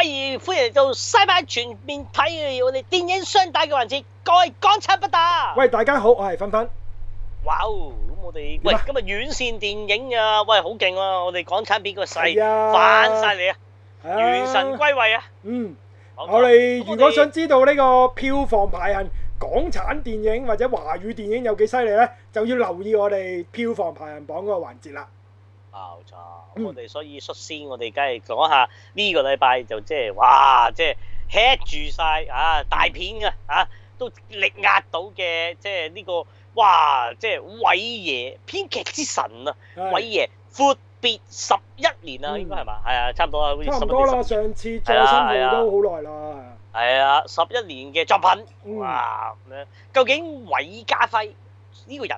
不如、哎、歡迎到《SciFi 全面睇》嘅我哋電影雙打嘅環節，各位港產不打。喂，大家好，我係芬芬。哇，咁我哋喂咁啊院線電影啊，喂好勁啊！我哋港產片個勢，翻晒嚟啊，元、啊啊、神歸位啊。嗯，吧我哋如，如果想知道呢個票房排行港產電影或者華語電影有幾犀利咧，就要留意我哋票房排行榜嗰個環節啦。冇錯，嗯、我哋所以率先，我哋梗係講下呢個禮拜就即係哇，即係吃住晒啊大片嘅啊，都力壓到嘅，即係呢、呢個哇，即係韋爺編劇之神啊，是韋爺闊別十一年啊，嗯、應該係嘛？係啊，差唔多啊，好似十一年。差唔多啦，上次做新到都好耐啦。係啊，十一年嘅作品，嗯、哇！咩？究竟韋家輝呢、呢個人？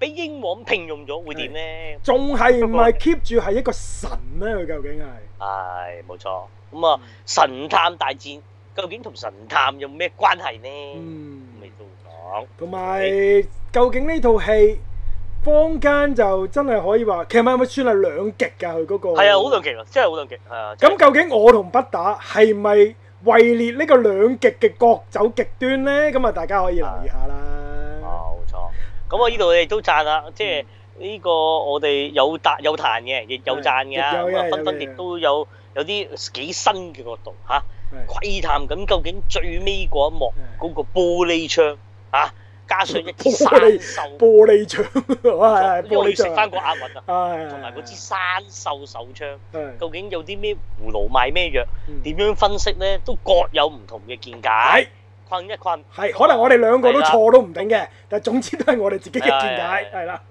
俾英皇聘用咗會點呢？仲係唔係 keep 住係一個神咩？佢究竟係？係冇錯。咁啊，神探大戰究竟同神探有咩關係呢？嗯，未到講。同埋，究竟呢套戲坊間就真係可以話，其實係咪算係兩極噶？佢嗰個係啊，好兩極啊，真係好兩極。係啊。咁究竟我同不打係咪位列呢個兩極嘅各走極端咧？咁啊，大家可以留意下啦。咁我呢度我都讚啦，即係呢個我哋有彈有彈嘅，亦有讚嘅，咁啊分分亦都有有啲幾新嘅角度嚇，啊、的窺探緊究竟最尾嗰一幕嗰個玻璃窗嚇、啊，加上一支山瘦玻，璃玻璃窗，啊、玻璃食翻個阿雲啊，同埋嗰支山瘦手槍，的究竟有啲咩葫蘆賣咩藥，點的樣分析咧，都各有唔同嘅見解。困一困，係可能我哋兩個都錯都唔定嘅，但係總之都係我哋自己嘅見解，係啦，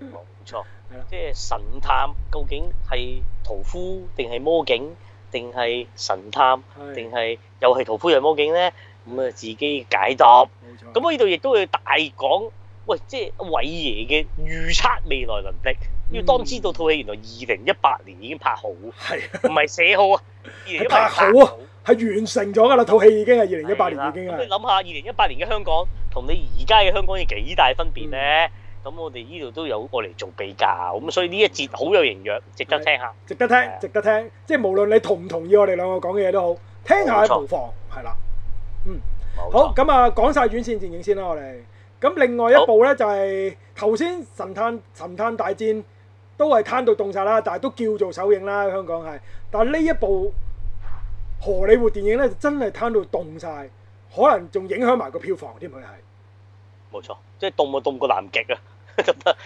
冇錯，即係神探究竟係屠夫定係魔警定係神探，定係又係屠夫又係魔警咧？咁啊，自己解答，冇錯。咁我呢度亦都會大講，喂，即係韋爺嘅預測未來能力，要當知道套戲原來二零一八年已經拍好，係，唔係寫好啊，已經拍好啊。係完成咗噶啦，套戲已經係二零一八年已經啦的。你諗下二零一八年嘅香港同你而家嘅香港有幾大分別咧？咁、嗯、我哋呢度都有過嚟做比較，咁、嗯、所以呢一節好有營養，值得聽下。的值得聽，是的 值得聽。即係無論你同唔同意我哋兩個講嘅嘢都好，聽下無妨。係啦錯，嗯，錯好。咁啊，講晒院線電影先啦，我哋。咁另外一部咧好就係頭先神探神探大戰都係攤到凍晒啦，但係都叫做首映啦，香港係。但呢一部。荷里活電影咧，真係攤到凍晒，可能仲影響埋個票房添，佢係。冇錯，即係凍咪凍過南極啊！得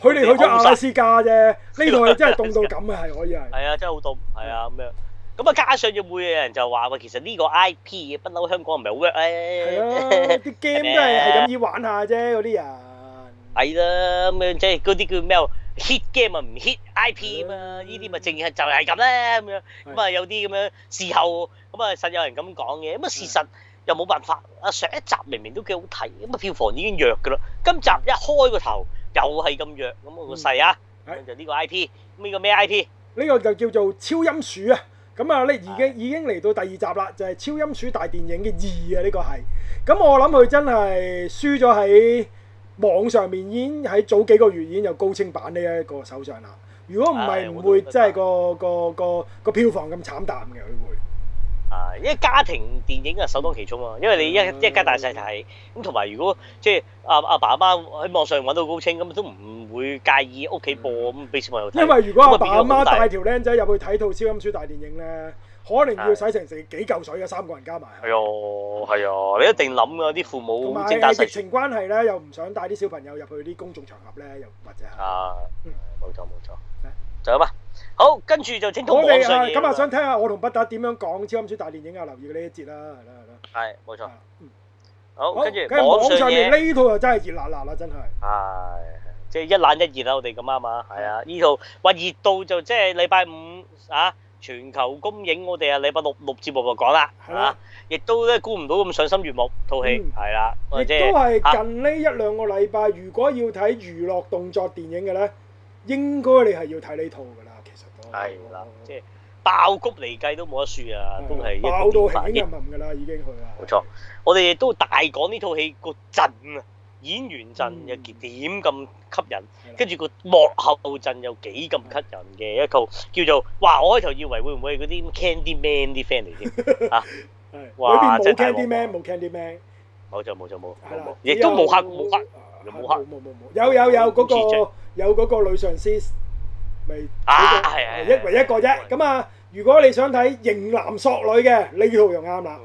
佢哋去咗阿拉斯加啫，呢度又真係凍到咁啊。係可 以係。係啊，真係好凍，係啊咁樣。咁啊，加上就會有人就話喂，其實呢個 I P 不嬲香港唔係好 work 咧。係、哎、啊，啲 game 麼都係係咁易玩下啫，嗰啲人。係啦、啊，咁樣即係嗰啲叫咩？hit game 咪唔 hit IP 嘛？呢啲咪淨係就係咁咧咁樣。咁啊有啲咁樣事後咁啊，實的有人咁講嘅。咁啊事實又冇辦法。阿上一集明明都幾好睇，咁啊票房已經弱㗎咯。今集一開個頭又係咁弱，咁啊個勢啊，的就呢個 IP 的。呢個咩 IP？呢個就叫做超音鼠啊！咁啊，咧已經的已經嚟到第二集啦，就係、是、超音鼠大電影嘅二啊！呢、這個係。咁我諗佢真係輸咗喺。網上面已經喺早幾個月已經有高清版呢一個手上啦。如果唔係唔會即係是個個個個票房咁慘淡嘅佢會。啊，因為家庭電影啊首當其衝啊，因為你一、嗯、一家大細睇，咁同埋如果即係阿阿爸阿媽喺網上揾到高清，咁都唔會介意屋企播咁俾、嗯、小朋友。因為如果阿爸阿媽帶條僆仔入去睇套超音鼠大電影咧。可能要洗成成幾嚿水啊！三個人加埋係啊，係啊，你一定諗噶啲父母正大細。同埋係疫情關係咧，又唔想帶啲小朋友入去啲公眾場合咧，又或者係啊，冇錯冇錯，就咁啊！好，跟住就整到網上面。我哋係今日想聽下我同不打點樣講《超音鼠大電影》啊！留意佢呢一節啦，係啦係啦。係冇錯。好，跟住網上面呢套又真係熱辣辣啦，真係。係即係一冷一熱啦，我哋咁啱嘛。係啊，呢套話熱到就即係禮拜五啊。全球公映我哋啊，禮拜六六節目就講、嗯、啦，嚇、就是，亦都咧估唔到咁賞心悦目套戲，係啦，亦都係近呢一兩個禮拜，如果要睇娛樂動作電影嘅咧，應該你係要睇呢套噶啦，其實都係啦，即係爆谷嚟計都冇得輸啊，都係爆到興興嘅啦，已經去啦，冇錯，是是我哋亦都大講呢套戲個陣啊！演員陣又點咁吸引，跟住個幕後陣又幾咁吸引嘅一套，叫做哇！我開頭以為會唔會嗰啲 Candy Man 啲 friend 嚟添嚇，哇！裏邊冇 Candy Man，冇 Candy Man，冇錯冇錯冇，亦都冇黑冇黑，又冇黑冇冇冇，有有有嗰個有嗰個女上司咪啊，係係唯一一個啫。咁啊，如果你想睇型男索女嘅呢套又啱啦。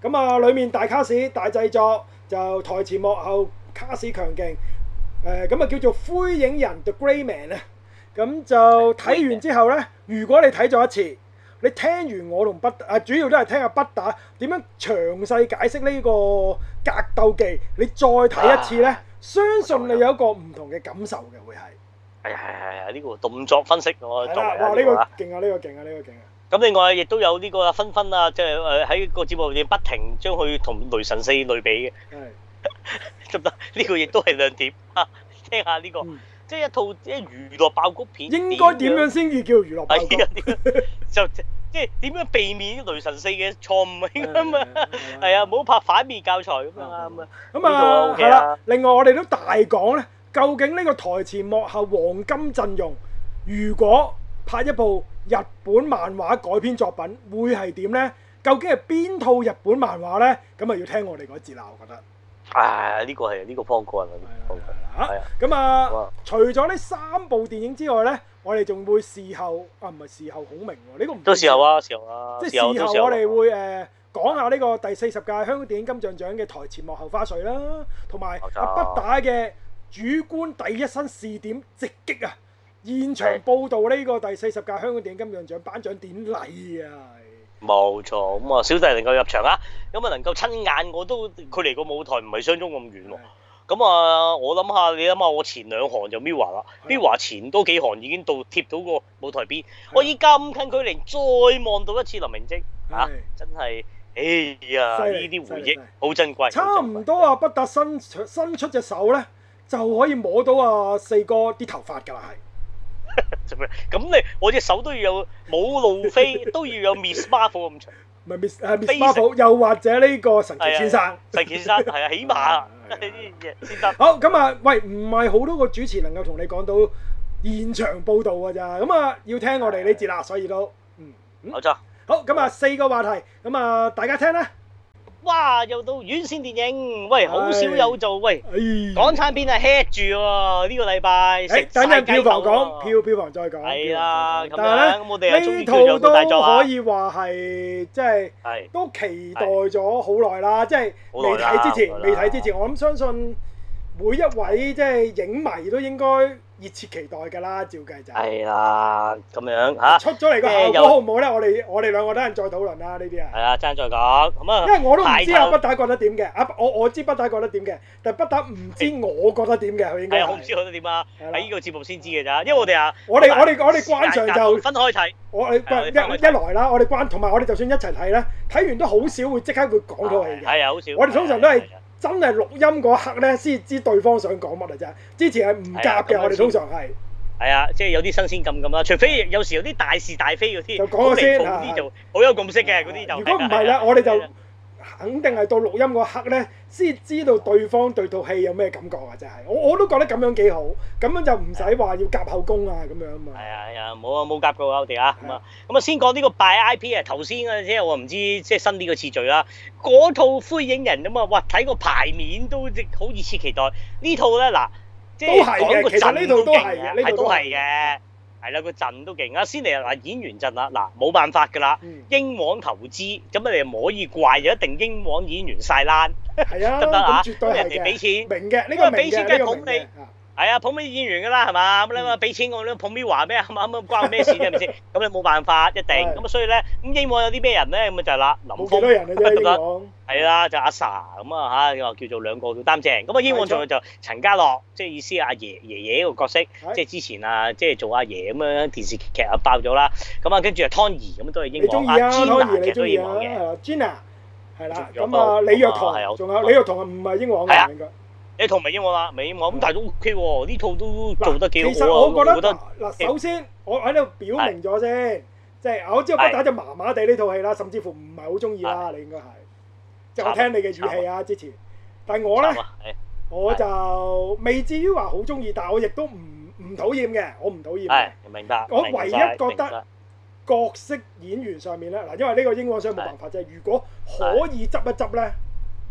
咁啊，裏面大卡士大製作。就台前幕後卡士強勁，誒咁啊叫做灰影人 The Gray Man 啊，咁就睇完之後咧，如果你睇咗一次，你聽完我同不啊，主要都係聽下不打點樣詳細解釋呢個格鬥技，你再睇一次咧，啊、相信你有一個唔同嘅感受嘅會係，係係係啊，呢個動作分析我做嘅啦，呢哇、呢個勁啊呢個勁啊呢個勁啊！呢個咁另外亦都有呢個啊，紛紛啊，即係誒喺個節目入邊不停將佢同雷神四類比嘅，得唔得？呢個亦都係亮點啊，聽下呢個，即係一套即係娛樂爆谷片。應該點樣先至叫娛樂爆谷？就即係點樣避免雷神四嘅錯誤啊嘛？係啊，唔好拍反面教材咁樣啱啊！咁啊，係啦。另外我哋都大講咧，究竟呢個台前幕後黃金陣容，如果拍一部，日本漫畫改編作品會係點呢？究竟係邊套日本漫畫呢？咁啊要聽我哋嗰節啦，我覺得。啊、哎，呢、呢個係呢、呢個方框啊，方框咁啊，除咗呢三部電影之外呢，我哋仲會事後啊，唔係事後孔明喎，呢個唔到事後啊，事後啊，啊即係事後我哋會誒講、啊、下呢個第四十屆香港電影金像獎嘅台前幕後花絮啦，同埋阿不打嘅主觀第一身視點直擊啊！現場報導呢個第四十屆香港電影金像獎頒，頒獎典禮啊！冇錯，咁啊，小弟能夠入場啊，咁啊能夠親眼我都距離個舞台唔係相中咁遠喎，啊。咁是的 啊，我諗下你諗下，我前兩行就 Mirror 啦 Mirror 是的 前多幾行已經到貼到個舞台邊，是的 我而家咁近距離再望到一次林明晶嚇是的，啊，真係哎呀！呢啲的回憶好珍貴，差唔多啊，不達伸伸出隻手咧就可以摸到啊四哥啲頭髮㗎啦，係。咁你我隻手都要有，冇路飛都要有 Ms. Marvel 咁長，唔係滅誒 Ms. Marvel，又或者呢個神奇先生，神奇先生係啊，起碼呢樣嘢先得。好，咁啊，喂，唔係好多個主持能夠同你講到現場報導㗎咋，咁啊要聽我哋呢節啦，所以都嗯，冇錯。好，咁啊，四個話題，咁啊大家聽啦。哇！又到院線電影，喂，好少有做，喂，港產片係 heat 住喎，呢個禮拜。誒，等陣票房講，票票房再講。係啦，咁樣。呢套都可以話係，即係都期待咗好耐啦，即係未睇之前，未睇之前，我諗相信每一位即係影迷都應該。熱切期待㗎啦，照計就係啦，咁樣吓。出咗嚟個效果好唔好咧？我哋我哋兩個等陣再討論啦，呢啲啊。係啊，陣再講。咁啊，因為我都唔知阿不打覺得點嘅？啊，我我知不打覺得點嘅，但不打唔知我覺得點嘅。佢應該係我唔知覺得點啊，喺呢個節目先知㗎咋。因為我哋啊，我哋我哋我哋觀賞就分開睇。我哋一一來啦，我哋觀，同埋我哋就算一齊睇咧，睇完都好少會即刻會講套戲嘅。係啊，好少。我哋通常都係。真係錄音嗰刻咧先知對方想講乜嚟咋。之前係唔夾嘅、啊、我哋通常係。係啊，即係有啲新鮮感咁啦，除非有時有啲大是大非嗰啲，就講先啊，好啲就好有共識嘅嗰啲就。如果唔係啦，我哋就。肯定係到錄音嗰刻咧，先知道對方對套戲有咩感覺啊！真係，我我都覺得咁樣幾好，咁樣就唔使話要夾口供啊咁樣啊。係啊，係啊，冇啊，冇夾過啊我哋啊，咁啊，咁、嗯、啊，先講呢個 Buy IP 啊，頭先啊先，我唔知即係新啲嘅次序啦。嗰套《灰影人》啊嘛，哇，睇個牌面都好熱切期待呢套咧嗱，即係講其實呢套都係啊，呢套都係嘅。係啦，個陣都勁啊！先嚟嗱演員陣啦，嗱冇辦法㗎啦，嗯、英皇投資，咁你哋唔可以怪，就一定英皇演員晒欄。係啊，得唔得啊？人哋畀錢，絕對係嘅，明嘅呢、呢個明嘅呢、呢個明嘅。係啊，捧咩演員噶啦，係嘛？咁你咪俾錢我，你捧咩話咩？咁啊關我咩事啫？係咪先？咁你冇辦法，一定。咁啊，所以咧，咁英皇有啲咩人咧？咁就係啦，林林峰，係啦，就阿 sa 咁啊吓，又叫做兩個擔正。咁啊，英皇仲有就陳家樂，即係意思阿爺爺爺嗰個角色，即係之前啊，即係做阿爺咁樣電視劇啊爆咗啦。咁啊，跟住阿湯怡咁都係英皇，阿 Jan 啊，其實都英皇嘅。Jan 啊，係啦。咁啊，李若彤，仲有李若彤唔係英皇嚟啊。呢套咪演我啦，未演我咁，但係都 O K 喎。呢套都做得幾好。其實我覺得嗱，首先我喺度表明咗先，即係我之後覺得就麻麻地呢套戲啦，甚至乎唔係好中意啦。你應該係即係我聽你嘅語氣啊，之前。但係我咧我就未至於話好中意，但係我亦都唔唔討厭嘅，我唔討厭。明白。我唯一覺得角色演員上面咧嗱，因為呢個《英皇》想冇辦法就係。如果可以執一執咧，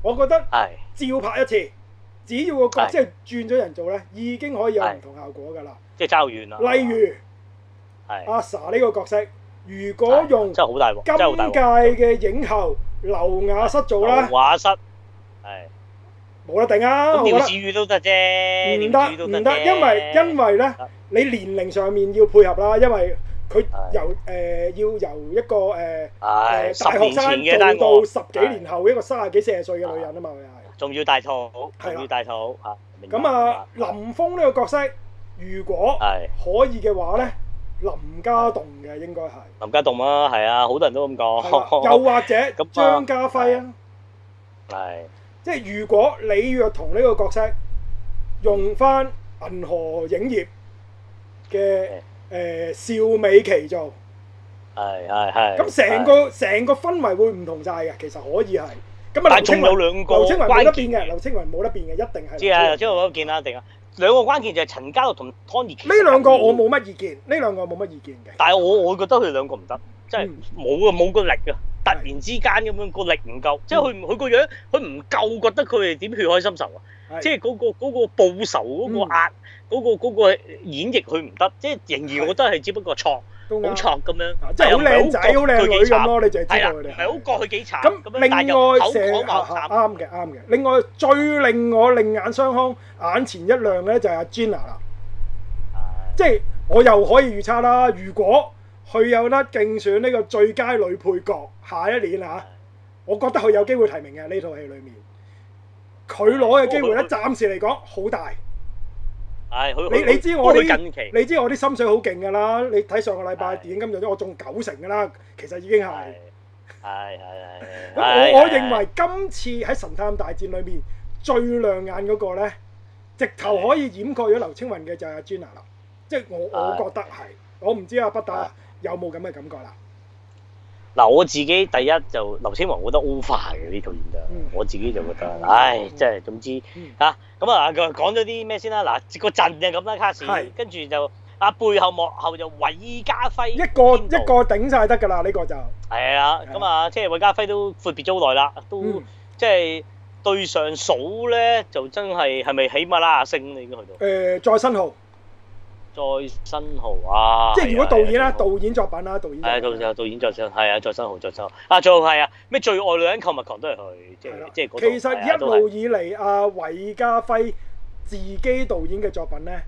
我覺得係照拍一次。只要個角色轉咗人做咧，已經可以有唔同效果㗎啦。即係爭遠啦。例如，阿 Sa 呢個角色，如果用今屆嘅影后劉雅瑟做咧，劉雅瑟係冇得頂啊。調子都得啫，唔得唔得，因為因為咧，你年齡上面要配合啦，因為佢由誒要由一個誒誒大學生做到十幾年後一個三十幾四十歲嘅女人啊嘛。仲要大肚，係啦，大肚嚇。咁啊，林峰呢個角色，如果可以嘅話咧，林家棟嘅應該係。林家棟啊，係啊，好多人都咁講。又或者張家輝啊，係。即係如果李若彤呢個角色用翻銀河影業嘅誒，邵美琪做，係係係。咁成個成個氛圍會唔同晒嘅，其實可以係。咁啊，仲有兩個劉青雲冇得變嘅，劉青雲冇得變嘅，一定係。知啊， 劉青雲嗰個關鍵啦，一定啊，定兩個關鍵就係陳家樂同湯怡。呢兩個我冇乜意見，呢兩個冇乜意見嘅。但係我我覺得佢兩個唔得，即係冇啊冇個力啊，突然之間咁的樣個力唔夠，即係佢佢個樣，佢唔夠覺得佢係點血海深仇啊，即係嗰個嗰、嗰個、報仇嗰、嗰個壓，嗰、嗰、嗰、個嗰個演繹佢唔得，即係仍然我覺得係只不過錯。好藏咁樣，即係好靚仔、好靚女咁咯。你就係知道佢哋。係好過去幾慘。咁另外成，啱嘅啱嘅。另外最令我另眼相看、眼前一亮嘅咧，就係阿 Jenna 啦。即係我又可以預測啦。如果佢有得競選呢個最佳女配角，下一年啊，的我覺得佢有機會提名嘅呢套戲裡面，佢攞嘅機會咧，暫時嚟講好大。你、哎、你知我啲你知我啲心水好勁噶啦，你睇上個禮拜電影金像獎，今次我中九成噶啦，其實已經係係係，咁我我認為今次喺神探大戰裡面最亮眼嗰個咧，直頭可以掩蓋咗劉青雲嘅就係阿 Jan 啦，即係我我覺得係，我唔知阿不打有冇咁嘅感覺啦。嗱，我自己第一就劉青雲，我覺得 over 嘅呢套演得， 我自己就覺得，唉，即係總之嚇咁啊，佢講咗啲咩先啦？嗱，個陣就咁啦，卡士，是 跟住就啊，背後幕後就韋家輝一，一個一個頂晒得㗎啦，呢、呢個就係啊，咁啊，即係、啊啊、韋家輝都闊別咗好耐啦，都即係、嗯嗯、對上數咧，就真係係咪喜馬拉雅星咧？應該去到誒，再新號。啊再生號啊！即係如果導演啦，導演作品啦，導演係啊，再導演作新係啊，再生號作秀。啊，再好係啊，咩最愛女人購物狂都係佢，即係即係。其實一路以嚟，阿韋家輝自己導演嘅作品咧，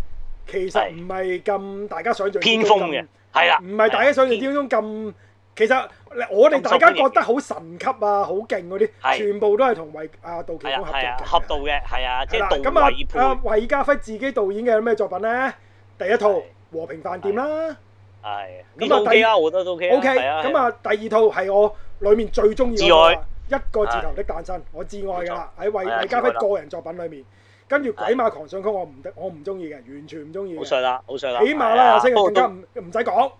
其實唔係咁大家想象。偏鋒嘅係啦，唔係大家想象之中咁咁。其實我哋大家覺得好神級啊，好勁嗰啲，全部都係同韋阿杜琪峰合作合導嘅，係啊，即係咁啊，杜韋配。阿韋家輝自己導演嘅咩作品咧？第一套和平飯店啦，係，咁啊，O K 啦，我都 O K，O K，咁啊，第二套係我裏面最中意嘅一個字頭的誕生，我至愛噶啦，喺魏魏家輝個人作品裏面，跟住鬼馬狂想曲我唔得，我唔中意嘅，完全唔中意，好衰啦，好衰啦，起碼啦，四個更加唔唔使講，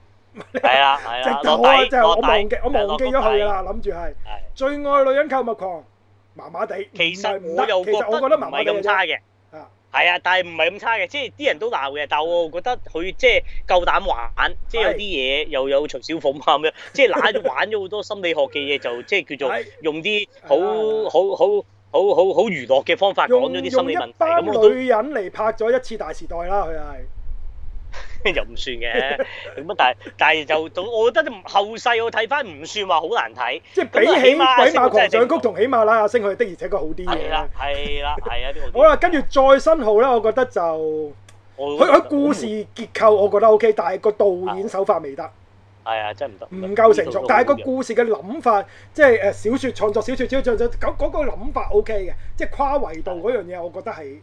係啦，直頭即係我忘記我忘記咗佢啦，諗住係最愛女人購物狂，麻麻地，其實我又其實我覺得唔係咁差嘅。係啊，但係唔係咁差嘅，即係啲人都鬧嘅，但係我覺得佢即係夠膽玩，即係有啲嘢是又有徐小鳳咁樣，即係懶玩咗好多心理學嘅嘢， 就即係叫做用啲、啊、好好好好好好娛樂嘅方法講咗啲心理問題。咁我都用一班女人嚟拍咗一次大時代啦，佢係。 又唔算嘅，咁啊！但係但係就，我覺得後世我睇翻唔算話好難睇，即係比起《鬼馬狂想曲》同《喜馬拉雅星》，佢的而且確好啲嘅。係啦，係啦，係啊！好啦，跟住《再生號》咧，我覺得就佢佢故事結構我覺得 OK，但係個導演手法未得。係啊，啊，真係唔得，唔夠成熟。但係個故事嘅諗法，即係誒小説創作小説，只只就，嗰個諗法 OK 嘅， 即係跨維度嗰樣嘢，我覺得係。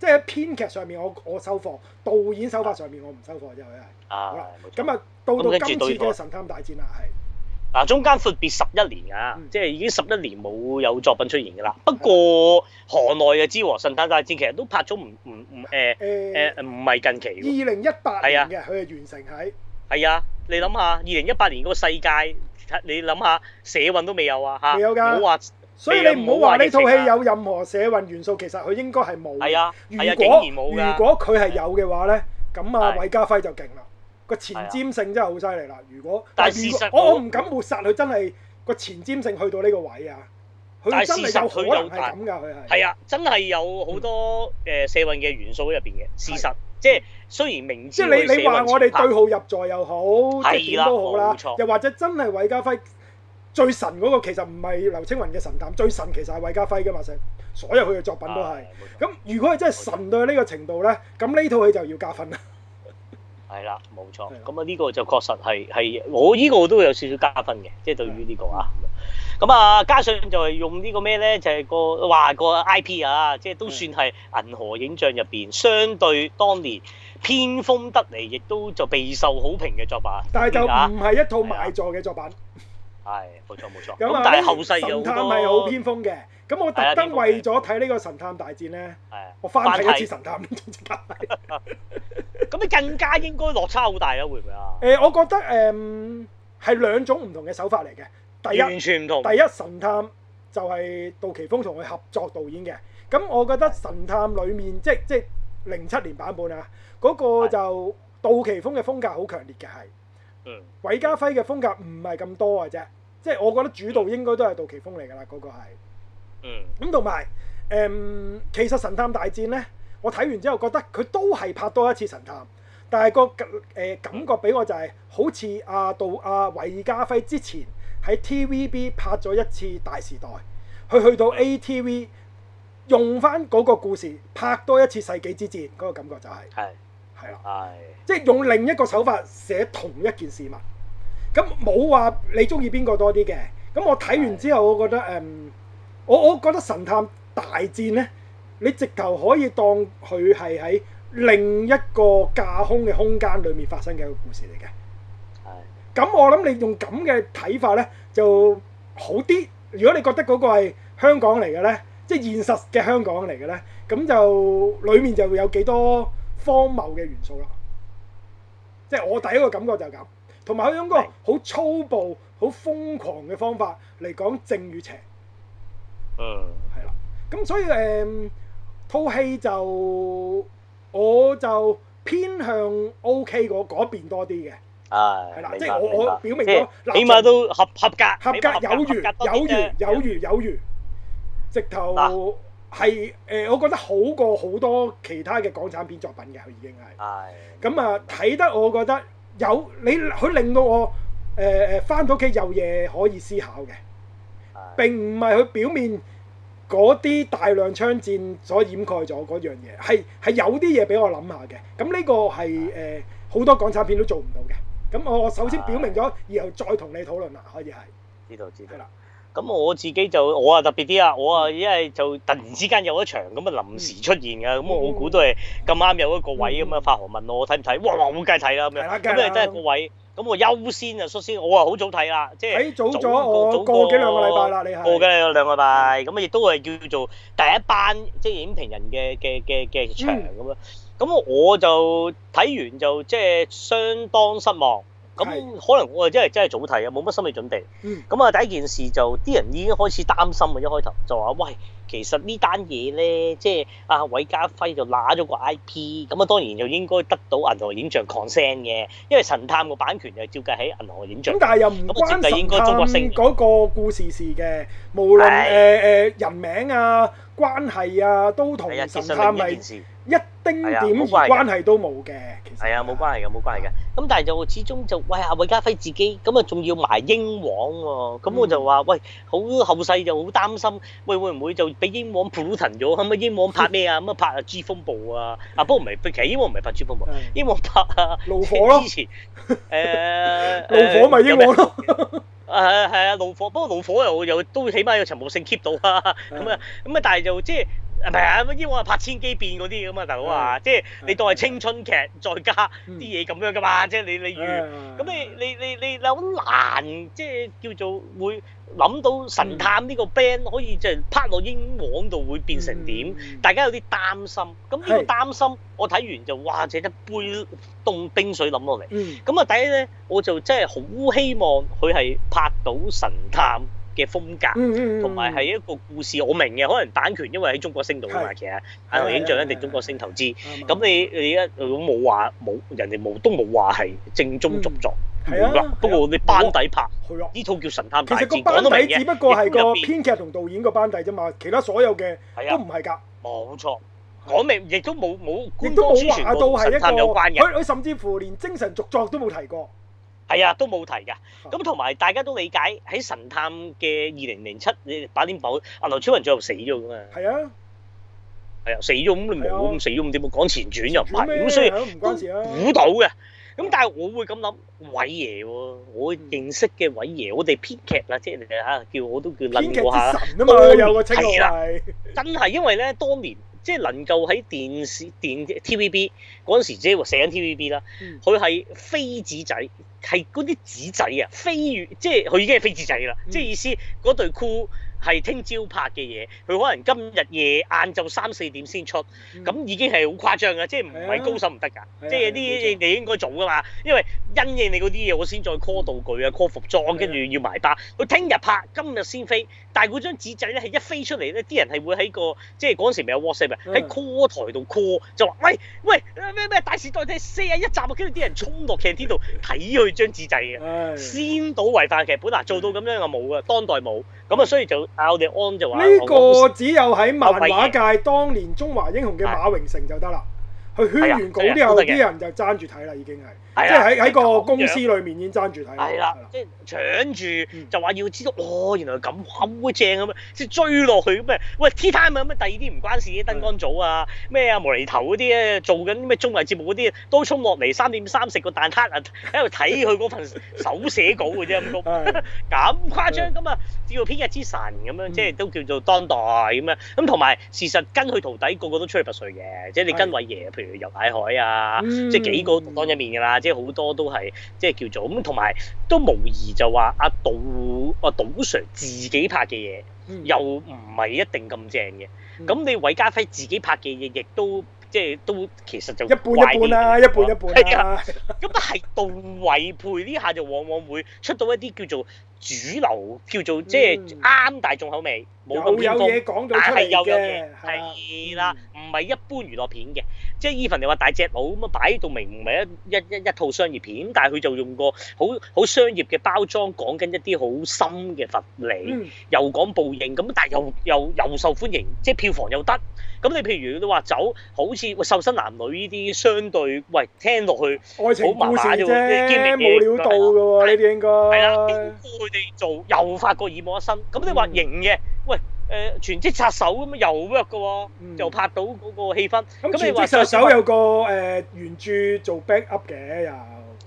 即係喺編劇上面，我我收貨；導演手法上面，我唔收貨。因為係，好啦，咁啊，都吧錯到今次嘅《神探大戰》啦是，係嗱、啊，中間闊別十一年㗎、啊，嗯、即係已經十一年冇有作品出現㗎啦。不過，韓內嘅《之和神探大戰》其實都拍咗唔唔唔誒誒唔係近期。二零一八年係啊，佢係完成喺係啊。你諗下，二零一八年嗰個世界，你諗下，社運都未有啊嚇，冇話。所以你唔好話呢套戲有任何社運元素，其實佢應該係冇。係啊，如果如果佢係有嘅話咧，咁啊，韋家輝就勁啦，個前瞻性真係好犀利啦。如果但係事實，我我唔敢抹殺佢真係個前瞻性去到呢個位啊。佢真係有可能係咁㗎，佢係係啊，真係有好多誒社運嘅元素喺入邊嘅事實，即係雖然明知。即係你你話我哋對號入座又好，即點都好啦，又或者真係韋家輝。最神嗰個其實唔係劉青雲嘅神探，最神其實係韋家輝嘅嘛成，所有佢嘅作品都係。咁、啊、如果係真係神到呢個程度咧，咁呢錯套戲就要加分啦。係啦，冇錯。咁啊了，呢個就確實係係我呢個都會有少少加分嘅，即、就、係、是、對於呢個啊。咁了、嗯、啊，加上就係用個呢個咩咧，就係、是、個話個 IP 啊，即、就、係、是、都算係銀河影像入邊、嗯、相對當年偏鋒得嚟，亦都就備受好評嘅作品、啊。但係就唔係一套賣座嘅作品了。了係，冇錯冇錯。咁但係是神探係好偏鋒嘅，咁我特登為咗睇呢個神探大戰咧，的我翻睇一次神探咁，你更加應該落差好大啦，會唔會啊？誒、呃，我覺得誒，係、嗯、兩種唔同嘅手法嚟嘅。第一完全唔同。第一神探就係杜琪峰同佢合作導演嘅，咁我覺得神探裏面即係即係零七年版本啊，嗰、那個就的杜琪峰嘅風格好強烈嘅係。嗯，韋家輝嘅風格唔係咁多嘅啫，即係我覺得主導應該都係杜琪峰嚟噶啦，嗰、嗰個係，咁同埋，誒、嗯，其實《神探大戰》呢，我睇完之後覺得佢都係拍多一次神探，但係、嗰個誒、呃、感覺俾我就係、係嗯、好似阿杜阿韋家輝之前喺 TVB 拍咗一次《大時代》，佢去到 ATV、嗯、用翻嗰個故事拍多一次《世紀之戰》嗰個，嗰個感覺就係、係、係。係啦、啊，即係用另一個手法寫同一件事物，咁冇話你中意邊個多啲嘅，咁我睇完之後，我覺得誒、嗯，我我覺得神探大戰呢，你直頭可以當佢係喺另一個架空嘅空間裏面發生嘅一個故事嚟嘅。係、啊，咁我諗你用咁嘅睇法呢就好啲。如果你覺得嗰個係香港嚟嘅呢，即係現實嘅香港嚟嘅呢，咁就裏面就會有幾多。荒謬嘅元素啦，即係我第一個感覺就係咁，同埋佢用個好粗暴、好的瘋狂嘅方法嚟講正與邪。嗯，係啦，咁所以誒、嗯、套戲就我就偏向 OK 嗰邊多啲嘅。係、啊，啦的，即係我我表明咗，明白粹起碼都合合格，合格有餘，有餘有餘有餘，直頭。係誒、呃，我覺得好過好多其他嘅港產片作品嘅，佢已經係。咁啊、哎，睇、嗯、得我覺得有你，佢令到我誒誒翻到屋企有嘢可以思考嘅。係、哎。並唔係佢表面嗰啲大量槍戰所掩蓋咗嗰樣嘢，係係有啲嘢俾我諗下嘅。咁、嗯、呢、這個係誒好多港產片都做唔到嘅。咁、嗯、我首先表明咗，哎、然後再同你討論啦，可以係。知道知道。啦。咁我自己就我啊特別啲啊，我啊一係就突然之間有一場咁啊臨時出現㗎，咁、嗯、我估都係咁啱有一個位咁啊，嗯、發行問我睇唔睇，哇哇我梗係睇啦，咁啊真係個位，咁我優先啊率先，我啊好早睇啦，即係、欸、早咗我早過，過幾兩個禮拜啦，你係過幾兩個禮拜，咁亦都係叫做第一班即係、就是、影評人嘅嘅嘅嘅場咁啊，咁、嗯、我就睇完就即係相當失望。咁可能我係真係真係早睇啊，冇乜心理準備。咁啊、嗯，第一件事就啲人已經開始擔心啊！一開頭就話：喂，其實呢單嘢咧，即係阿韋家輝就揦咗個 IP，咁啊當然就應該得到銀河影像 consent 嘅，因為神探個版權就照計喺銀河影像。咁、嗯、但係又唔關神探嗰個，個故事事嘅，無論誒誒的、呃、人名啊、關係啊，都同神探係一丁點關係都冇嘅，哎、其實係啊，冇、哎、關係嘅，冇關係嘅。咁但係就始終就喂阿韋家輝自己咁啊，仲要埋英皇喎、啊。咁、嗯、我就話喂，好後世就好擔心，喂會唔會就俾英皇撫騰咗？係咪英皇拍咩 啊？乜拍啊 G 風暴啊？啊，不過唔係，其實英皇唔係拍 G 風暴，的英皇拍啊怒火咯。誒怒、呃、 火咪英皇咯。 啊係啊怒火，不過怒火又又都起碼有陳木勝 keep 到啊咁啊咁啊，但係就即係。唔係啊，英皇拍千機變嗰啲嘅嘛，大佬啊，嗯、即係你當係青春劇、嗯、再加啲嘢咁樣㗎嘛，嗯、即係你例如，咁你你你你你好難即係叫做會諗到神探呢個 band 可以即係拍落英皇度會變成點，嗯嗯、大家有啲擔心。咁呢個擔心，我睇完就哇，整一杯凍冰水淋落嚟。咁啊、嗯，嗯、第一咧，我就真係好希望佢係拍到神探。嘅風格，同埋係一個故事，我明嘅。可能版權因為喺中國升到嘅嘛，其實亞龍影象一定中國升投資。咁你你而家冇冇話冇人哋冇都冇話係正宗續作，係啊。不過你班底拍，呢套叫神探。其實個班底只不過係個編劇同導演個班底啫嘛，其他所有嘅都唔係㗎。冇錯，講明亦都冇冇官方宣傳過神探有班人。佢佢甚至乎連精神續作都冇提過。係啊，都冇提噶。咁同埋大家都理解喺《神探》嘅二零零七，你八點九，啊，劉青雲最後死咗噶嘛？係啊，係啊，死咗咁你冇咁、啊、死咗，咁點講前傳又唔係咁，所以唔估到嘅。咁但係我會咁諗，韋爺喎、哦，我認識嘅韋爺，嗯、我哋編劇啦，即係你哋嚇叫我都叫諗過下。編劇神啊嘛，有，有個稱號。係、啊、真係因為咧當年。 即係能夠喺電視、電 T.V.B. 嗰陣時即 B、嗯，即係話成 T.V.B. 啦，佢係飛紙仔，係嗰啲紙仔啊，飛完，即係佢已經係飛紙仔啦，嗯、即係意思嗰對褲。係聽朝拍嘅嘢，佢可能今日夜晏晝三四點先出，咁已經係好誇張嘅，即係唔係高手唔得㗎，即係啲你應該做㗎嘛，因為因應你嗰啲嘢，我先再 call 道具啊 call 服裝，跟住的要埋單。佢聽日拍，今日先飛，但係嗰張紙仔咧係一飛出嚟咧，啲人係會喺個，即係嗰陣時未有 WhatsApp 啊，喺 call 台度 call 就話，喂喂咩咩大時代睇四 e 啊一集啊，跟住啲人衝落 canteen 度睇佢張紙仔嘅，的先到違犯劇本啊，做到咁樣啊冇㗎，當代冇，咁啊所以就。呢個只有喺漫畫界當年《中華英雄》嘅馬榮成就得啦。佢圈完稿之後，啲的人就爭住睇啦，已經係，即係喺喺個公司裏面已經爭住睇啦，即係搶住就話要知道，嗯、哦，原來咁好正咁樣，即係追落去咁啊，喂，TVB 啊嘛，咁啊第二啲唔關事啲燈光組啊，咩啊無厘頭嗰啲啊，做緊咩綜藝節目嗰啲都衝落嚟，三點三食個蛋撻啊，喺度睇佢嗰份手寫稿嘅啫咁，咁 的 誇張咁啊，叫做編日之神咁樣，即係都叫做當代咁樣，咁同埋事實跟佢徒弟個個都出嚟拔瑞嘅，即係你跟偉爺。游乃海啊，即係幾個獨當一面㗎啦，即係好多都係即係叫做咁，同埋都無疑就話阿杜阿杜 sir 自己拍嘅嘢，又唔係一定咁正嘅。咁你韋家輝自己拍嘅嘢，亦都即係都其實就一半一半啦，一半一半啦。咁係杜韋配呢下就往往會出到一啲叫做主流，叫做即係啱大眾口味，冇咁偏鋒，但係又有嘢，係啦，唔係一般娛樂片嘅。即係伊凡你話大隻佬咁啊，擺到明唔係一一一一套商業片，但係佢就用個好好商業嘅包裝講緊一啲好深嘅佛理，又講報應咁，但係又又又受歡迎，即係票房又得。咁你譬如你話走，好似喂瘦身男女呢啲相對喂聽落去，好麻煩啫，冇料到嘅喎，呢啲應該係啦，經過佢哋做又發覺耳目一新。咁你話型嘅喂？誒、呃、全職殺手咁又 work 嘅喎，嗯、又拍到嗰個氣氛。咁、嗯、全職殺手有個誒、呃、原著做 back up 嘅又。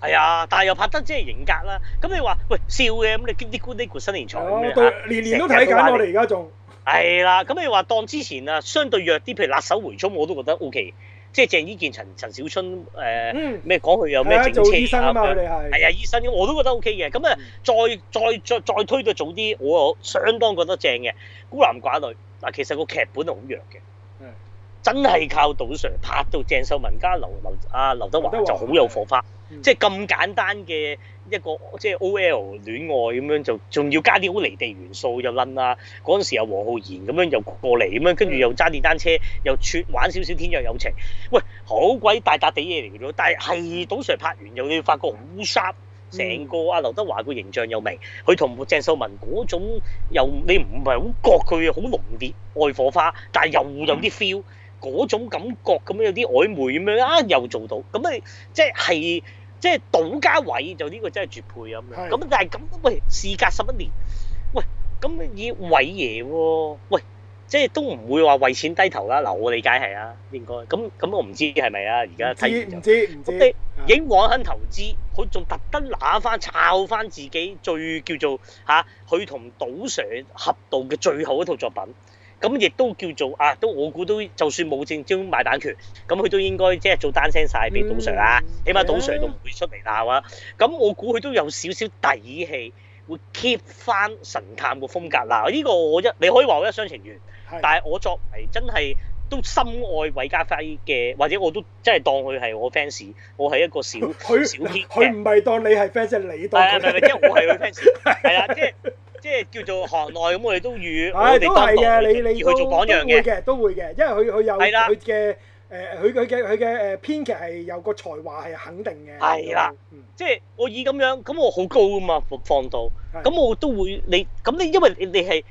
係啊、哎，但係又拍得即係型格啦。咁你話喂笑嘅，咁你嚦咕嚦咕新年財年年都睇緊我哋而家仲。係、啊嗯、 啦，咁你話當之前啊，相對弱啲，譬如辣手回春，我都覺得 OK。即係鄭伊健、陳陳小春，誒咩講佢有咩整車啊？咁樣係啊，嗯、做醫生啊嘛，醫生我都覺得 O K 嘅。咁啊、嗯，再再再再推到早啲，我相當覺得正嘅孤男寡女嗱，其實個劇本好弱嘅，嗯、真係靠杜 Sir 拍到鄭秀文加劉劉啊劉德華就好有火花，嗯嗯、即係咁簡單嘅。一個即係 O.L. 戀愛咁樣，就仲要加啲好離地元素就冧啦。嗰陣時又黃浩然咁樣又過嚟咁樣，跟住又揸電單車又撮玩少少天若有情。喂，好鬼大笪地嘢嚟嘅。但係係杜 Sir 拍完又要發覺好 sharp，成個阿、嗯啊、劉德華個形象又明。佢同鄭秀文嗰種又你唔係好覺佢好濃烈愛火花，但係又有啲 feel 嗰種感覺咁樣，有啲曖昧咁樣啊，又做到咁你即係。即即係杜家偉就呢個真係絕配咁是的 樣，咁但係咁喂，事隔十一年，喂咁以偉爺喎、啊，喂即係都唔會話為錢低頭啦。嗱我理解係啊，應該咁咁我唔知係咪啊，而家睇完就唔知咁你已經往肯投資，佢仲特登拿翻抄翻自己最叫做吓，佢同杜 Sir 合導嘅最後一套作品。咁亦都叫做啊，都我估都就算冇正招賣版權，咁佢 都應該即係做單聲晒俾杜 Sir 啊，起碼杜 Sir 都唔會出嚟鬧啊。咁我估佢都有少少底氣，會 keep 翻神探個風格嗱。呢、這個我一你可以話我一廂情願，但係我作為真係都深愛韋家輝嘅，或者我都真係當佢係我 fans，我係一個小小 h e t 佢唔係當你係 fans， 你，你當。係 啊，即係、就是、我係佢 fans。係 啊，即、就、係、是。 即係叫做行內咁，我哋都與我哋登陸而去做榜樣嘅，都會嘅，因為佢佢有佢嘅，誒，佢佢嘅佢嘅誒編劇係有個才華係肯定嘅。係啦，即係我以咁樣，咁我好高㗎嘛放到咁是的 我都會，你咁你，因為你你係，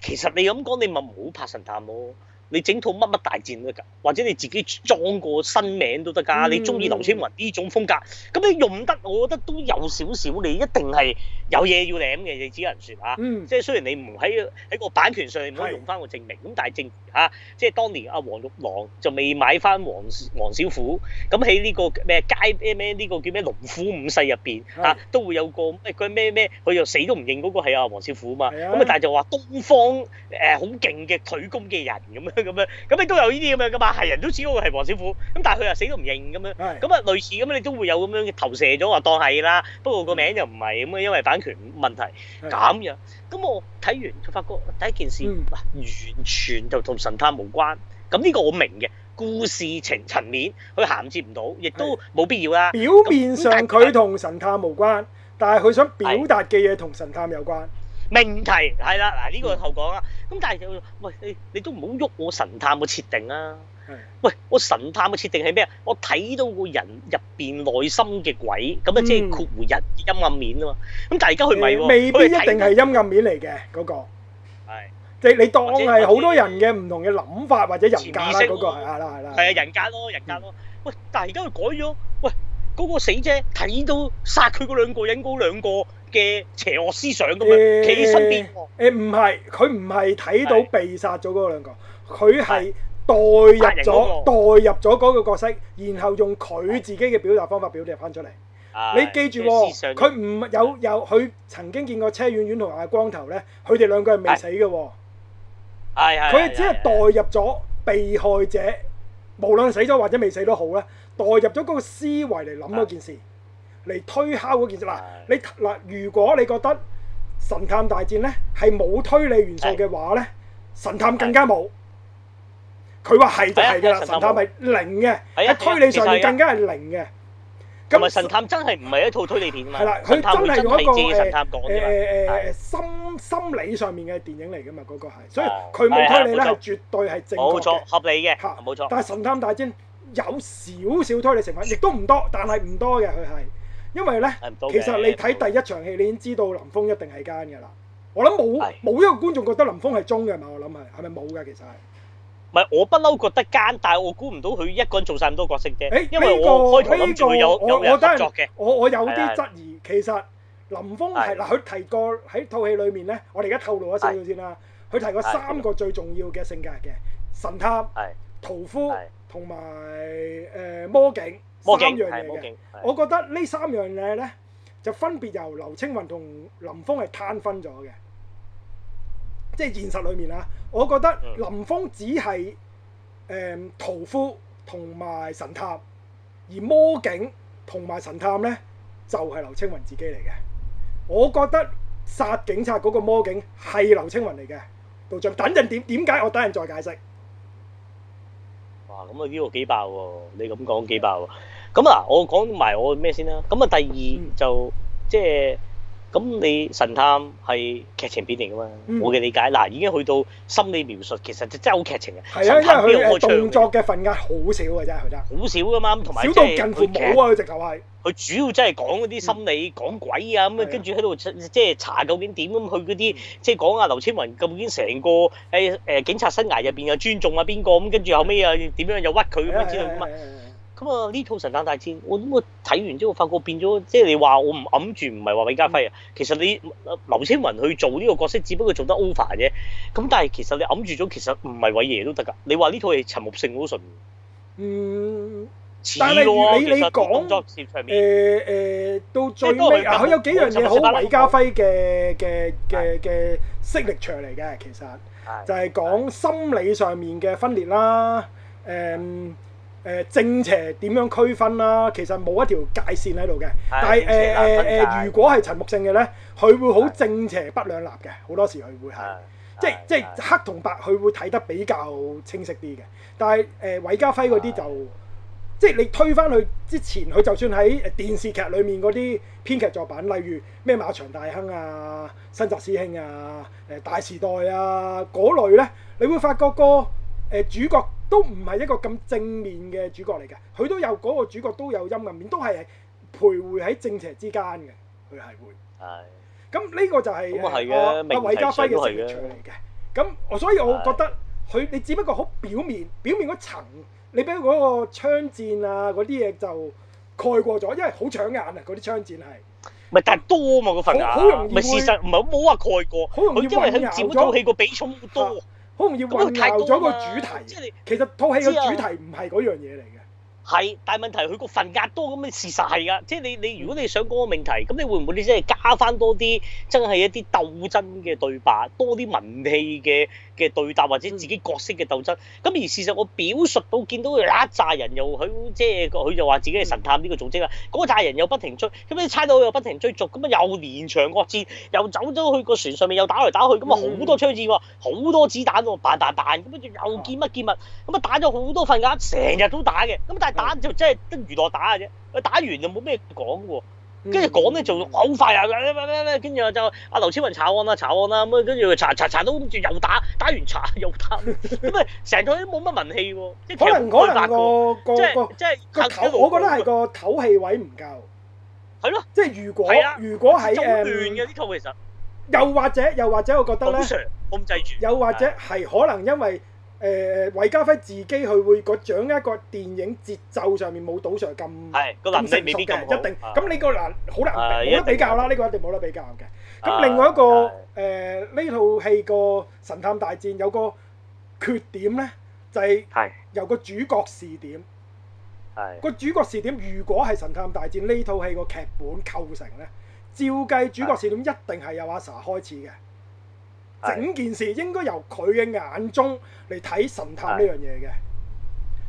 其實你咁講，你咪唔好拍神探咯。你整套乜乜大戰都得㗎，或者你自己裝個新名都得㗎。嗯、你中意劉青雲呢種風格，咁你用得，我覺得都有少少。你一定係有嘢要攬嘅，你只能説嚇。啊嗯、即係雖然你唔喺喺個版權上唔可以用翻個證明，咁是但係正如、啊，即係當年阿黃玉郎就未買翻黃黃小虎，咁喺呢個咩街咩呢、呢個叫咩龍虎五世入邊啊，是都會有個咩咩咩，佢又死都唔認嗰個係阿黃小虎啊嘛。咁啊的，但係就話東方誒好勁嘅腿功嘅人咁樣。 咁樣，咁你都有呢啲咁樣噶嘛？係人都知道係黃小虎，咁但係佢又死都唔認咁樣，咁啊是的 類似咁樣你都會有咁樣嘅投射咗話當係啦。不過個名又唔係咁啊，因為版權問題咁樣。咁我睇完，佢發覺第一件事，嗱，完全就同神探無關。咁呢個我明嘅，故事情層面佢銜接唔到，亦都冇必要啦。是的 表面上佢同神探無關，但係佢想表達嘅嘢同神探有關。命題係啦，嗱呢個頭講啊，咁但係喂，你你都唔好喐我神探嘅設定啦。係，喂我神探嘅設定係咩啊？我睇到個人入邊內心嘅鬼，咁啊即係括弧人陰暗面啊嘛。咁但係而家佢唔係，未必一定係陰暗面嚟嘅嗰個。係，即係你當係好多人嘅唔同嘅諗法或者人格啦，嗰個係啦係啦。係啊，人格咯人格咯。喂，但係而家佢改咗，喂嗰個死者睇到殺佢嗰兩個人嗰兩個嘅邪惡思想咁樣企喺身邊。誒唔係，佢唔係睇到被殺咗嗰兩個，佢係代入咗代入咗嗰個角色，然後用佢自己嘅表達方法表達翻出嚟。你記住，佢唔有有佢曾經見過車婉婉同阿光頭咧，佢哋兩個係未死嘅。係係。佢只係代入咗被害者，無論死咗或者未死都好啦，代入咗嗰個思維嚟諗嗰件事。嚟推敲嗰件事嗱，你嗱，如果你覺得神探大戰咧係冇推理元素嘅話咧，神探更加冇。佢話係就係噶啦，神探係零嘅，喺推理上面更加係零嘅。咁神探真係唔係一套推理片啊嘛。係啦，佢真係嗰個係誒誒誒心心理上面嘅電影嚟噶嘛，嗰個係。所以佢冇推理咧係絕對係正確嘅，合理嘅。嚇，冇錯。但係神探大戰有少少推理成分，亦都唔多，但係唔多嘅佢係。因為咧，其實你睇第一場戲，你已經知道林峰一定係奸嘅啦。我諗冇冇一個觀眾覺得林峰係忠嘅嘛？我諗係，係咪冇噶？其實係，唔係我不嬲覺得奸，但係我估唔到佢一個人做晒咁多角色啫。誒、欸，呢、這個因為我以做我，我，我有有作嘅。我我有啲質疑，其實林峰係嗱，佢的、啊、提過喺套戲裏面咧，我哋而家透露一少少先啦。佢的提過三個最重要嘅性格嘅神探。屠夫同埋誒魔警，魔警三樣嘢。嘅，我覺得呢三樣嘢咧是的 就分別由劉青雲同林峯係攤分咗嘅，即係現實裏面啊！我覺得林峯只係誒、呃、屠夫同埋神探，而魔警同埋神探咧就係、是、劉青雲自己嚟嘅。我覺得殺警察嗰個魔警係劉青雲嚟嘅，道最等陣點？點解我等陣再解釋。咁啊呢個幾爆喎、哦，你咁講幾爆喎、哦？咁啊我講埋我咩先啦？咁啊第二、嗯、就即係。咁你神探係劇情片嚟嘅嘛？我嘅理解嗱，已經去到心理描述，其實就真係好劇情嘅。神探邊有動作嘅份額，好少嘅，真係，好少㗎嘛。同埋少到近乎冇啊！佢直頭係。佢主要真係講嗰啲心理講鬼啊咁，跟住喺度即係查究竟點咁。佢嗰啲即係講啊，劉青雲究竟成個誒誒警察生涯入邊又尊重啊邊個咁？跟住後尾又點樣又屈佢咁樣之類咁啊。咁啊！呢套神探大戰，我咁我睇完之後，發覺變咗，即係你話我唔揞住，唔係話韋家輝啊。其實你劉青雲去做呢個角色，只不過做得 over 啫。咁但係其實你揞住咗，其實唔係韋爺都得㗎。你話呢套戲陳木勝我都信，嗯。似㗎喎。但係你你講誒誒到最尾佢有幾樣嘢好韋家輝嘅嘅嘅嘅飾力場嚟嘅，其實就係講心理上面嘅分裂啦，誒。誒正邪點樣區分啦？其實冇一條界線喺度嘅。的但係誒誒誒，如果係陳木勝嘅咧，佢會好正邪不兩立嘅。好的多時佢會係的即係的即係黑同白，佢會睇得比較清晰啲嘅。但係誒、呃，韋家輝嗰啲就的即係你推翻去之前，佢就算喺電視劇裏面嗰啲編劇作品，例如咩馬場大亨啊、新紮師兄啊、誒大時代啊嗰類咧，你會發覺個。誒主角都唔係一個咁正面嘅主角嚟嘅，佢都有嗰、那個主角都有陰暗面，都係徘徊喺正邪之間嘅，佢係會。係的。咁呢個就係、是、我，阿韋家輝嘅長處嚟嘅。咁、啊，所以我覺得佢的你只不過好表面，表面嗰層，你俾嗰個槍戰啊嗰啲嘢就蓋過咗，因為好搶眼啊嗰啲槍戰係。咪但係多嘛、啊、嗰份啊？咪事實唔係冇話蓋過，容易因為佢佔咗套戲個比重多。好容易混淆咗個主題，是其實套戲個主題唔係樣嘢嚟嘅。係，但係問題佢個份額多咁嘅事實係㗎，即係你你如果你想講嗰個命題，咁你會唔會你真係加翻多啲真係一啲鬥爭嘅對白，多啲文氣嘅嘅對答或者自己角色嘅鬥爭？咁而事實我表述到見到一揸人又佢即係佢就話自己係神探呢個組織啦，嗰揸人又不停追，咁你猜到佢又不停追逐，咁樣又連場惡戰，又走咗去個船上面又打嚟打去，咁啊好多槍戰喎，好多子彈喎，彈彈彈，咁跟住又見乜見物，咁啊打咗好多份額，成日都打嘅，咁但係。打就即係得娛樂打嘅啫，佢打完就冇咩講喎。跟住講咧就好快啊，跟住就阿劉青雲查案啦，查案啦，咁跟住查查查到又打，打完查又打，咁咪成個都冇乜文氣喎。可能嗰、那個即係即係，我覺得係個唞氣位唔夠。係咯了，即係如果、啊、如果喺中亂嘅呢套其實、嗯。又或者又或者我覺得咧，Sir 控制住。又或者係可能因為。誒、呃，韋家輝自己佢會個掌握一個電影節奏上面冇杜 Sir 咁咁成熟嘅，一定。咁呢個嗱，好難比比較啦，呢個一定冇得比較嘅。咁、啊、另外一個誒，呢套戲個《呃、神探大戰》有個缺點咧，就係、是、由個主角視點，個的主角視點如果係《神探大戰》呢套戲個劇本構成咧，照計主角視點一定係由阿 Sa 開始嘅。整件事應該由佢嘅眼中嚟睇神探呢樣嘢嘅，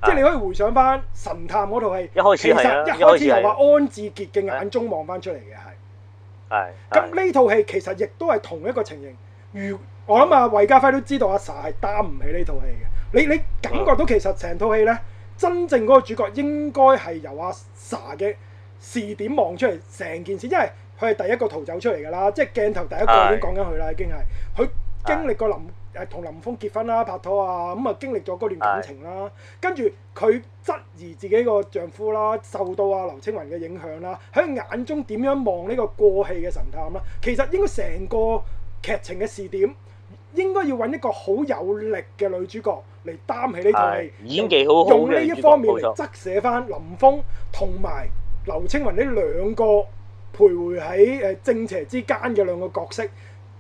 即係你可以回想翻神探嗰套戲，其實一開始又由安志傑嘅眼中望翻出嚟嘅係，係。咁呢套戲其實亦都係同一個情形。如我諗啊，韋家輝都知道阿 Sa 係擔唔起呢套戲嘅。你你感覺到其實成套戲呢，真正嗰個主角應該係由阿 Sa 嘅視點望出嚟成件事，因為佢係第一個逃走出嚟㗎啦。即係鏡頭第一個已經講緊佢啦，已經係佢。經歷過林誒同、呃、林峯結婚啦、拍拖啊，咁、嗯、啊經歷咗嗰段感情啦，跟住佢質疑自己個丈夫啦，受到啊劉青雲嘅影響啦，喺眼中點樣望呢個過氣嘅神探啦？其實應該成個劇情嘅視點，應該要揾一個好有力嘅女主角嚟擔起呢套戲，演技好好靚，用呢一方面嚟側寫翻林峯同埋劉青雲呢兩個徘徊喺誒正邪之間嘅兩個角色。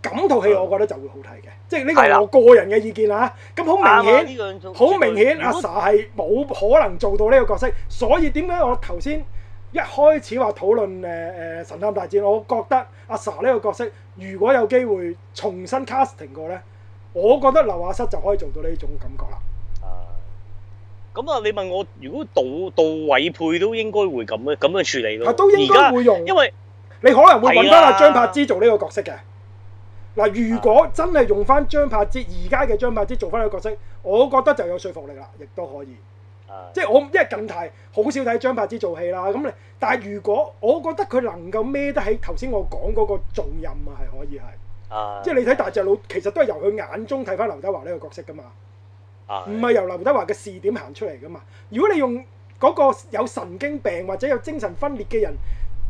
咁套戲我覺得就會好睇嘅，嗯、即係呢個係我個人嘅意見啦、啊、嚇。咁好、嗯、明顯，好、嗯、明顯，嗯、阿 Sa 係冇可能做到呢個角色，所以點解我頭先一開始話討論誒誒、呃、神探大戰，我覺得阿 Sa 呢個角色如果有機會重新 casting 過呢？我覺得劉亞瑟就可以做到呢種感覺啦。啊、嗯，咁啊，你問我如果到到委配都應該會咁樣咁樣處理咯，而家、啊、會用，因為你可能會揾翻阿張柏芝做呢個角色嘅。嗱，如果真係用翻張柏芝而家嘅張柏芝做翻呢個角色，我覺得就有說服力啦，亦都可以。 即係我，因為近排好少睇張柏芝做戲啦。咁你，但係如果我覺得佢能夠孭得起頭先我講嗰個重任啊，係可以係。 即係你睇大隻佬，其實都係由佢眼中睇翻劉德華呢個角色噶嘛。唔係由劉德華嘅視點行出嚟噶嘛。如果你用嗰個有神經病或者有精神分裂嘅人，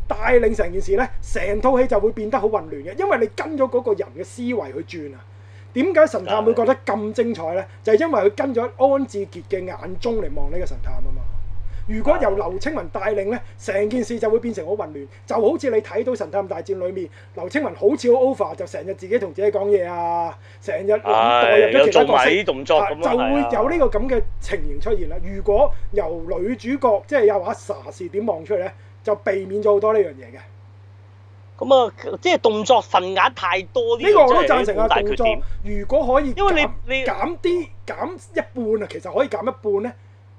帶領成件事呢，成套戲就會變得好混亂嘅，因為你跟咗嗰個人嘅思維去轉啊。點解神探會覺得咁精彩呢？ 就係因為佢跟咗安志傑嘅眼中嚟望呢個神探啊嘛。如果由劉青雲帶領呢，成件事就會變成好混亂，就好似你睇到《神探大戰》裏面，劉青雲好似好 over，就成日自己同自己講嘢啊，成日代入咗其他角色， 啊、就會有呢個咁嘅情形出現啦。 嗯啊、如果由女主角即係有阿莎視點望出嚟呢？就避免咗好多呢樣嘢嘅。咁啊，即係動作份額太多啲。呢個我都贊成啊！動作，如果可以，因為你你減啲減一半啊，其實可以減一半咧，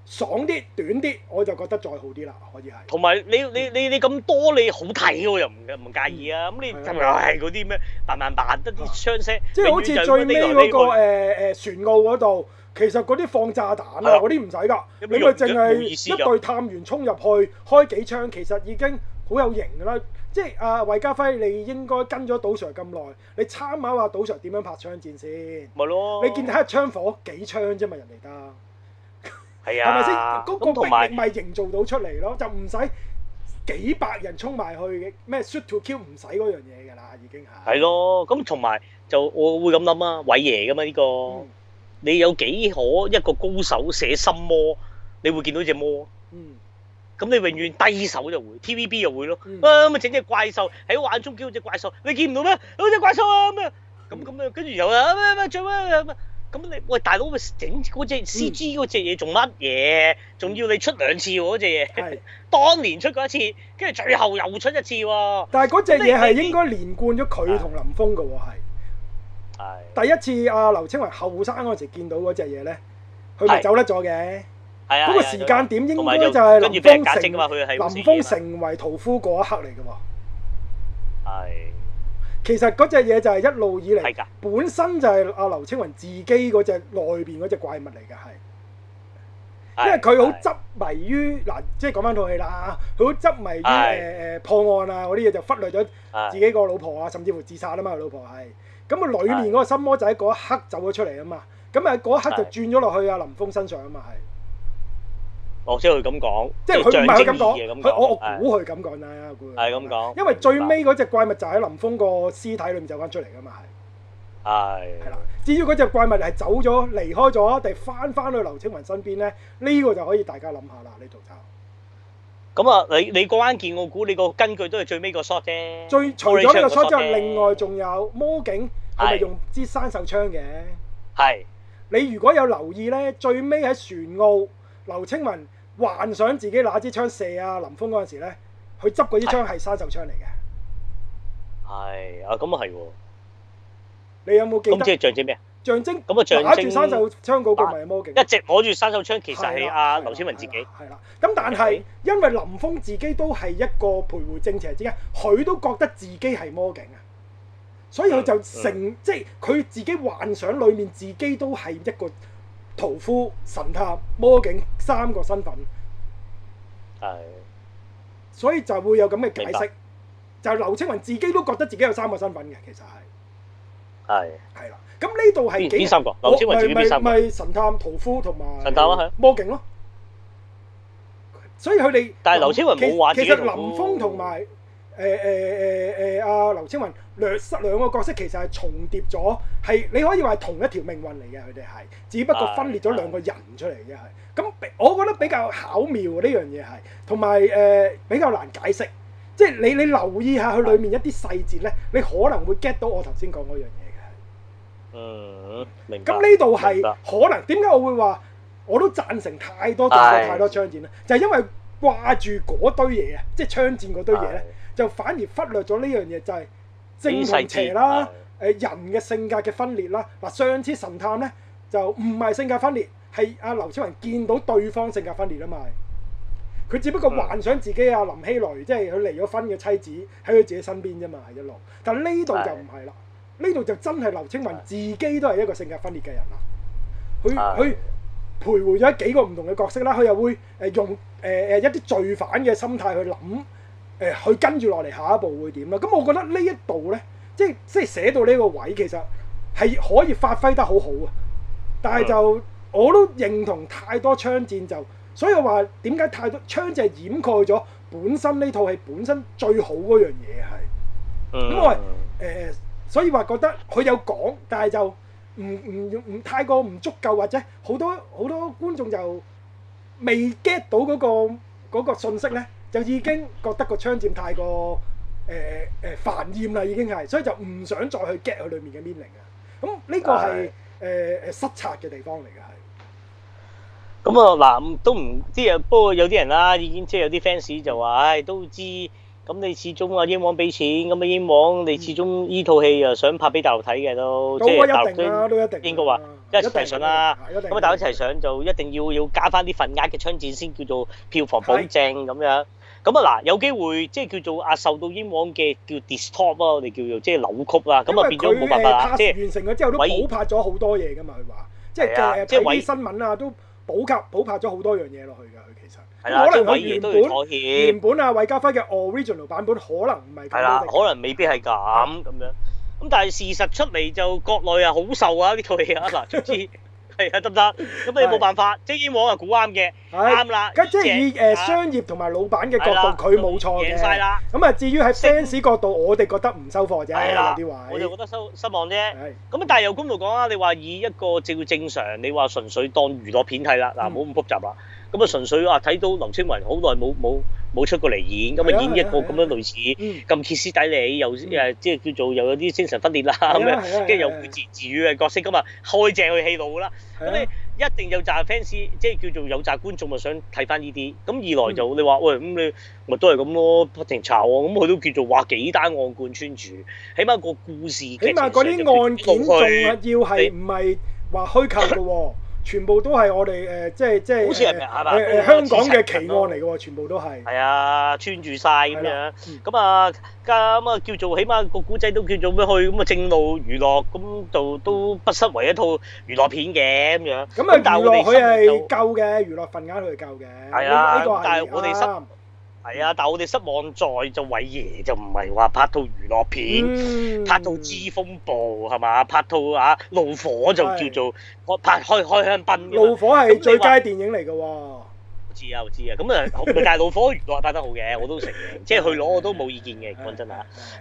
爽啲短啲，我就覺得再好啲啦。可以係。同埋你你你你咁多你好睇我又唔唔介意啊？咁你又係嗰啲咩，扮扮扮得啲槍聲，即係好似最尾嗰個誒船澳嗰度。其實嗰啲放炸彈啊，嗰啲唔使噶，你咪淨係一隊探員衝入去開幾槍，其實已經好有型噶啦。即係啊，韋家輝，你應該跟咗杜 Sir 咁耐，你參考下杜 Sir 點樣拍槍戰先。咪咯，你見到一槍火幾槍啫嘛，人哋得。係啊。係咪先？嗰個兵力咪營造到出嚟咯，就唔使幾百人衝埋去嘅咩 shoot to kill，唔使嗰樣嘢噶啦，已經係。係咯，咁同埋就我會咁諗啊，偉爺噶嘛呢個。你有幾可一個高手寫心魔，你會見到隻魔。嗯。咁你永遠低手就會，TVB 又會咯。哇、嗯，咪、啊、整隻怪獸喺我眼中叫隻怪獸，你見唔到咩？好隻怪獸啊！咁啊，咁咁啊，跟住又啊，咩、啊、咩，做、啊、咩？咁、啊啊啊、你喂大佬整嗰隻 CG 嗰隻嘢，做乜嘢？仲要你出兩次喎、啊，嗰隻嘢。係。 當年出過一次，跟住最後又出一次喎、啊。但係嗰隻嘢係應該連貫咗佢同林峰嘅喎、啊，係、嗯。第一次阿劉青雲後生嗰時見到嗰隻嘢咧，佢咪走得咗嘅。係啊，嗰個時間點應該就係林峰成林峰成為屠夫嗰一刻嚟嘅。係，其實嗰隻嘢就係一路以嚟，本身就係阿劉青雲自己嗰隻內邊嗰隻怪物嚟嘅。係，因為佢好執迷於嗱，即係講翻套戲啦，佢好執迷於誒誒破案啊嗰啲嘢，就忽略咗自己個老婆啊，甚至乎自殺啊嘛，老婆係。咁啊，裏面嗰個心魔仔嗰是的 一刻走咗出嚟啊嘛，咁啊嗰一刻就轉咗落去阿林峰身上啊嘛，係。我知佢咁講，即係佢唔係佢咁講，佢我是的 我估佢咁講啦，估的。係咁講。的因為最尾嗰隻怪物就喺林峰個屍體裏面走翻出嚟啊嘛，係的。係。係啦，至於嗰隻怪物係走咗離開咗，定翻翻去劉青雲身邊咧？呢、呢個就可以大家諗下啦，呢度就。咁啊，你你嗰關鍵我估你個根據都係最尾個 shot 啫。最除咗呢個 shot 之外，另外仲有魔警係咪用支山手槍嘅？係。你如果有留意咧，最尾喺船澳劉青雲幻想自己攞支槍射阿林峰嗰陣時咧，佢執嗰支槍係山手槍嚟嘅。係啊，咁啊係。你有冇記得？咁即係象徵咩？象徵，咁啊，攞住三手槍嗰個咪魔警，一直摸住三手槍，其實係阿、啊啊、劉青雲自己。係啦、啊，咁、啊啊啊、但係因為林峰自己都係一個徘徊正邪之間，佢都覺得自己係魔警啊，所以佢就成、嗯嗯、即係佢自己幻想裏面自己都係一個屠夫、神探、魔警三個身份。係、嗯，所以就會有咁嘅解釋，白就係劉青雲自己都覺得自己有三個身份嘅，其實係。係，係啦。咁呢度係幾？三個劉青雲演邊三個？咪咪神探屠夫同埋神探咯，魔警咯。所以佢哋，但係劉青雲冇話。其實林峰同埋誒誒誒誒，阿劉青雲兩兩個角色其實係重疊咗，係你可以話係同一條命運嚟嘅。佢哋係只不過分裂咗兩個人出嚟嘅。係咁，我覺得比較巧妙呢樣嘢係，同埋誒比較難解釋。即係你你留意下佢裏面一啲細節咧，你可能會 get 到我頭先講嗰樣嘢。嗯，咁呢度係可能點解白我會話我都贊成太多，唉多太多槍戰呢？就係、是，因為掛住嗰堆嘢啊，即係槍戰嗰堆嘢呢，唉就反而忽略咗呢樣嘢就係正邪啦，誒唉人嘅性格嘅分裂啦。嗱，上次神探呢，就唔係性格分裂，係阿劉青雲見到對方性格分裂啊嘛。佢只不過幻想自己阿林熙蕾，即係佢離咗婚嘅妻子喺佢自己身邊啫嘛，係一路。但呢度就唔係啦。呢度就真係劉青雲自己都係一個性格分裂嘅人啦。佢佢徘徊咗幾個唔同嘅角色啦，佢又會誒、呃、用誒誒、呃、一啲罪犯嘅心態去諗誒，去、呃、跟住落嚟下一步會點啦。咁我覺得呢一度咧，即係即係寫到呢個位，其實係可以發揮得好好啊。但係就我都認同太多槍戰就，所以話點解太多槍戰係掩蓋咗本身呢套戲本身最好嗰樣嘢係。因為誒。所以話覺得佢有講，但係就唔唔唔太過唔足夠，或者好多好多觀眾就未 get 到嗰個嗰個信息咧，就已經覺得個槍戰太過誒誒、呃呃、煩厭啦，已經係，所以就唔想再去 get 佢裡面嘅 meaning 啊。咁呢個係誒誒失策嘅地方嚟嘅係。咁啊嗱，都唔知啊，不過有啲人啦，已經即係有啲 fans 就話，唉、哎，都知。咁你始終啊，英皇俾錢，咁啊英皇，你始終依套戲啊想拍俾大陸睇嘅都，即係大陸都一定應該話一齊上啦。咁啊，大家一齊上就一定要要加翻啲份額嘅槍戰先叫做票房保證咁樣。咁啊嗱，有機會即係叫做啊受到英皇嘅叫 distort 啊，我哋叫做即係扭曲啦。咁啊變咗冇辦法啦。即係完成咗之後都補拍咗好多嘢噶嘛，佢話即係即係啲新聞啊都補及、補拍咗好多樣嘢落去嘅。係啦，即係佢原本原本啊，韋家輝嘅 original 版本可能唔係咁好。係啦，可能未必係咁咁樣。咁但係事實出嚟就國內啊好受啊呢套戲啊嗱，總之係啊得唔得？咁你冇辦法，即係以往啊估啱嘅啱啦。即係以誒商業同埋老闆嘅角度，佢冇錯嘅。贏曬啦。咁啊，至於係 fans 角度，我哋覺得唔收貨啫。係啦，我哋覺得收失望啫。係。咁啊，但係又公道講啊，你話以一個照正常，你話純粹當娛樂片睇啦，嗱，冇咁複雜啦。咁啊，純粹啊，睇到劉青雲好耐冇冇冇出過嚟演，咁啊演一個咁樣類似咁歇斯底里，又誒即係叫做又有啲精神分裂啦咁樣，跟住又自自語嘅角色咁啊，開正佢戲路噶啦。咁你一定有紮 fans，即係叫做有紮觀眾啊，想睇翻呢啲。咁二來就你話喂，咁你咪都係咁咯，不停查喎，咁佢都叫做話幾單案貫穿住，起碼個故事起碼嗰啲案件仲係要係唔係話虛構噶喎？全部都係我哋誒、呃，即係即係誒誒香港嘅奇案嚟嘅喎，全部都係。係啊，穿住晒咁、啊、樣。咁、嗯、啊，咁啊叫做，起碼個古仔都叫做咩去？咁啊正路娛樂，咁就都不失為一套娛樂片嘅咁樣。咁啊、嗯，但係我哋佢係夠嘅，娛樂份間佢係夠嘅。係啊，個但係我哋心。啊係啊，但係我哋失望在就韋爺就唔係話拍套娛樂片，嗯、拍套知風暴係嘛？拍套啊怒火就叫做拍開開，開香檳。怒火係最佳電影嚟㗎喎。知啊，我知啊，咁、嗯、啊，大係老火魚我拍得好嘅，我都食，即係 去攞我都冇意見嘅，講真吓。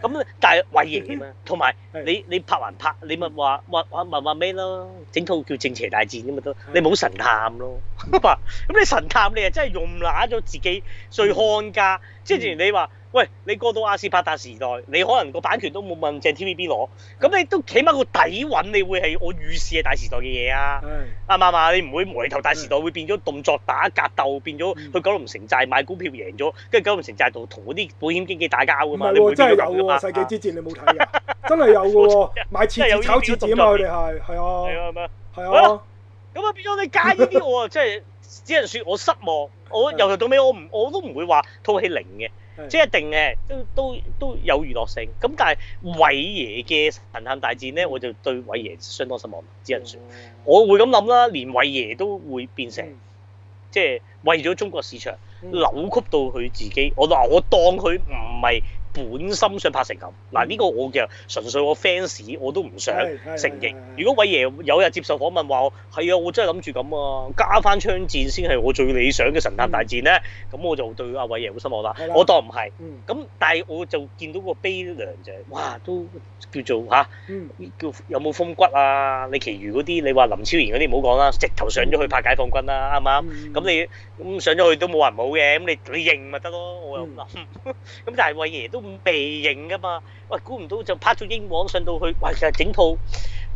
咁、 嗯、但係胃型點啊？同埋 你你拍還拍，你咪話話話咪話咩咯？整套叫正邪大戰咁咪得，你冇神探咯，咁、 嗯、 你神探你啊真係用乸咗自己最看家，即係你話。 喂，你過到亞視拍大時代，你可能個版權都冇問正 T V B 攞，咁你都起碼個底蘊，你會係我預示嘅大時代嘅嘢啊？啱唔啱啊？你唔會無厘頭大時代會變咗動作打格鬥，變咗去九龍城寨買股票贏咗，跟住九龍城寨度同嗰啲保險經紀打交㗎嘛？你真係有嘛？世紀之戰你冇睇啊？真係有嘅喎，買次子炒次子啊！佢哋係係啊係啊，咁啊變咗你介意啲我即係只能説我失望。我由頭到尾我唔我都唔會話套戲零嘅。即係一定嘅，都都都有娛樂性。咁但係韋爺嘅《神探大戰》咧，我就對韋爺相當失望。只能説，我會咁諗啦，連韋爺都會變成即係為咗中國市場扭曲到佢自己。我嗱，我當佢唔係。本心想拍成咁，嗱呢個我嘅純粹我 fans 我都唔想承認。如果偉爺有日接受訪問話，係啊，我真係諗住咁啊，加翻槍戰先係我最理想嘅神探大戰咧，咁我就對阿偉爺好失望啦。我當唔係，咁但係我就見到個悲涼就係，哇都叫做吓，叫有冇風骨啊？你其餘嗰啲你話林超賢嗰啲唔好講啦，直頭上咗去拍解放軍啦，係咪啊？咁你咁上咗去都冇人冇嘅，咁你你認咪得咯？我又諗，咁但係偉爺都。微型㗎嘛？喂、哎，估唔到就拍咗英皇上到去，喂、哎，其實整套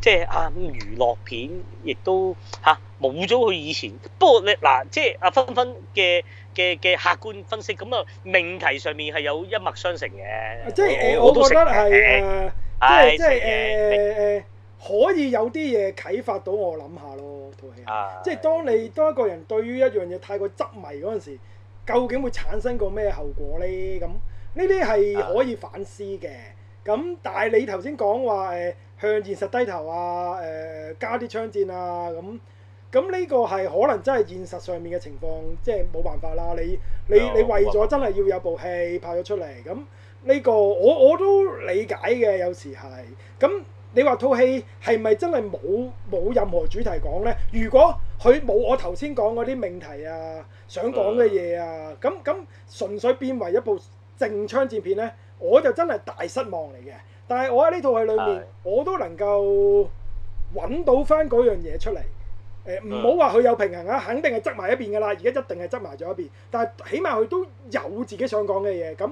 即係、就是、啊娛樂片，亦都嚇冇咗佢以前。不過你嗱，即係阿芬芬嘅嘅嘅客觀分析，咁啊命題上面係有一脈相承嘅、啊。即係、呃、我覺得係誒、哎啊，即係即係誒誒，可以有啲嘢啟發到我諗下咯，套戲、哎。即係當你當一個人對於一樣嘢太過執迷嗰陣時，究竟會產生個咩後果咧？咁。呢啲係可以反思嘅，咁但係你頭先講話誒、呃、向現實低頭啊，誒、呃、加啲槍戰啊，咁咁呢個係可能真係現實上面嘅情況，即係冇辦法啦。你你你為咗真係要有部戲拍咗出嚟，咁呢個我我都理解嘅，有時係。咁你話套戲係咪真係冇冇任何主題講呢？如果佢冇我頭先講嗰啲命題啊、想講嘅嘢啊，咁咁純粹變為一部正槍戰片呢，我就真係大失望嚟嘅。但係我喺呢套戲裏面，的我都能夠揾到翻嗰樣嘢出嚟。唔好話佢有平衡啊，肯定係執埋一邊噶啦。而家一定係執埋咗一邊，但係起碼佢都有自己想講嘅嘢。咁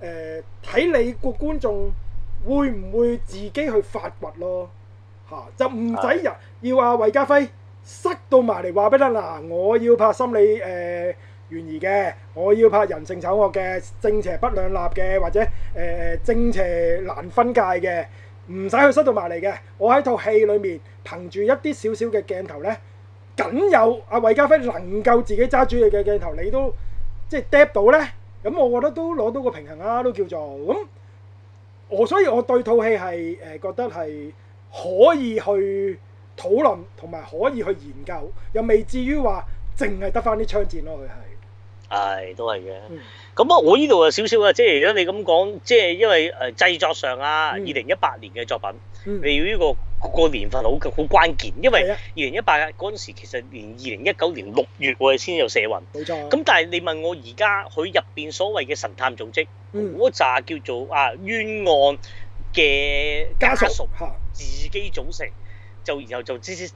睇、呃、你個觀眾會唔會自己去發掘咯？嚇、啊、就唔使人的要阿韋家輝塞到埋嚟話俾得嗱，我要拍心理誒，呃懸疑嘅，我要拍人性醜惡嘅、正邪不兩立嘅，或者誒誒、呃、正邪難分界嘅，唔使去塞到埋嚟嘅。我喺套戲裡面憑住一啲少少嘅鏡頭呢，僅有阿、啊、韋家輝能夠自己揸主意嘅鏡頭，你都即係釘到呢。咁我覺得都攞到個平衡啦、啊，都叫做咁。我所以我對套戲係誒覺得係可以去討論同埋可以去研究，又未至於話淨係得翻啲槍戰咯、啊。佢係。係，都係嘅。咁啊、嗯，我呢度啊少少啊，即係如果你咁講，即係因為誒、呃、製作上啊，二零一八年嘅作品，嗯、你依、呢個、嗰個年份好好關鍵，因為二零一八嗰陣時其實連二零一九年六月我哋先有社運，冇錯、啊。咁但係你問我而家佢入邊所謂嘅神探組織，嗰扎、嗯、叫做啊冤案嘅家屬自己組成，就然後就即即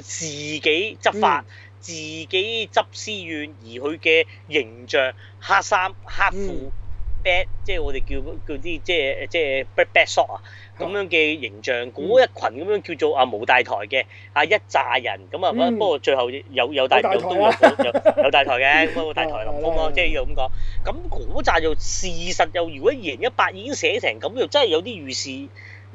自己執法。嗯自己執私怨，而佢嘅形象黑衫黑褲 bad，即係我哋叫叫啲即係即係 bad bad shop 啊咁樣嘅形象，嗰一群咁樣叫做啊無大台嘅啊一紮人咁啊，不，嗯、不過最後有有，有大，大台、啊、都有，有，有大台嘅咁啊大台林啊即係要咁講。咁嗰扎就 那那事實又如果二零一八已經寫成咁，又真係有啲預示。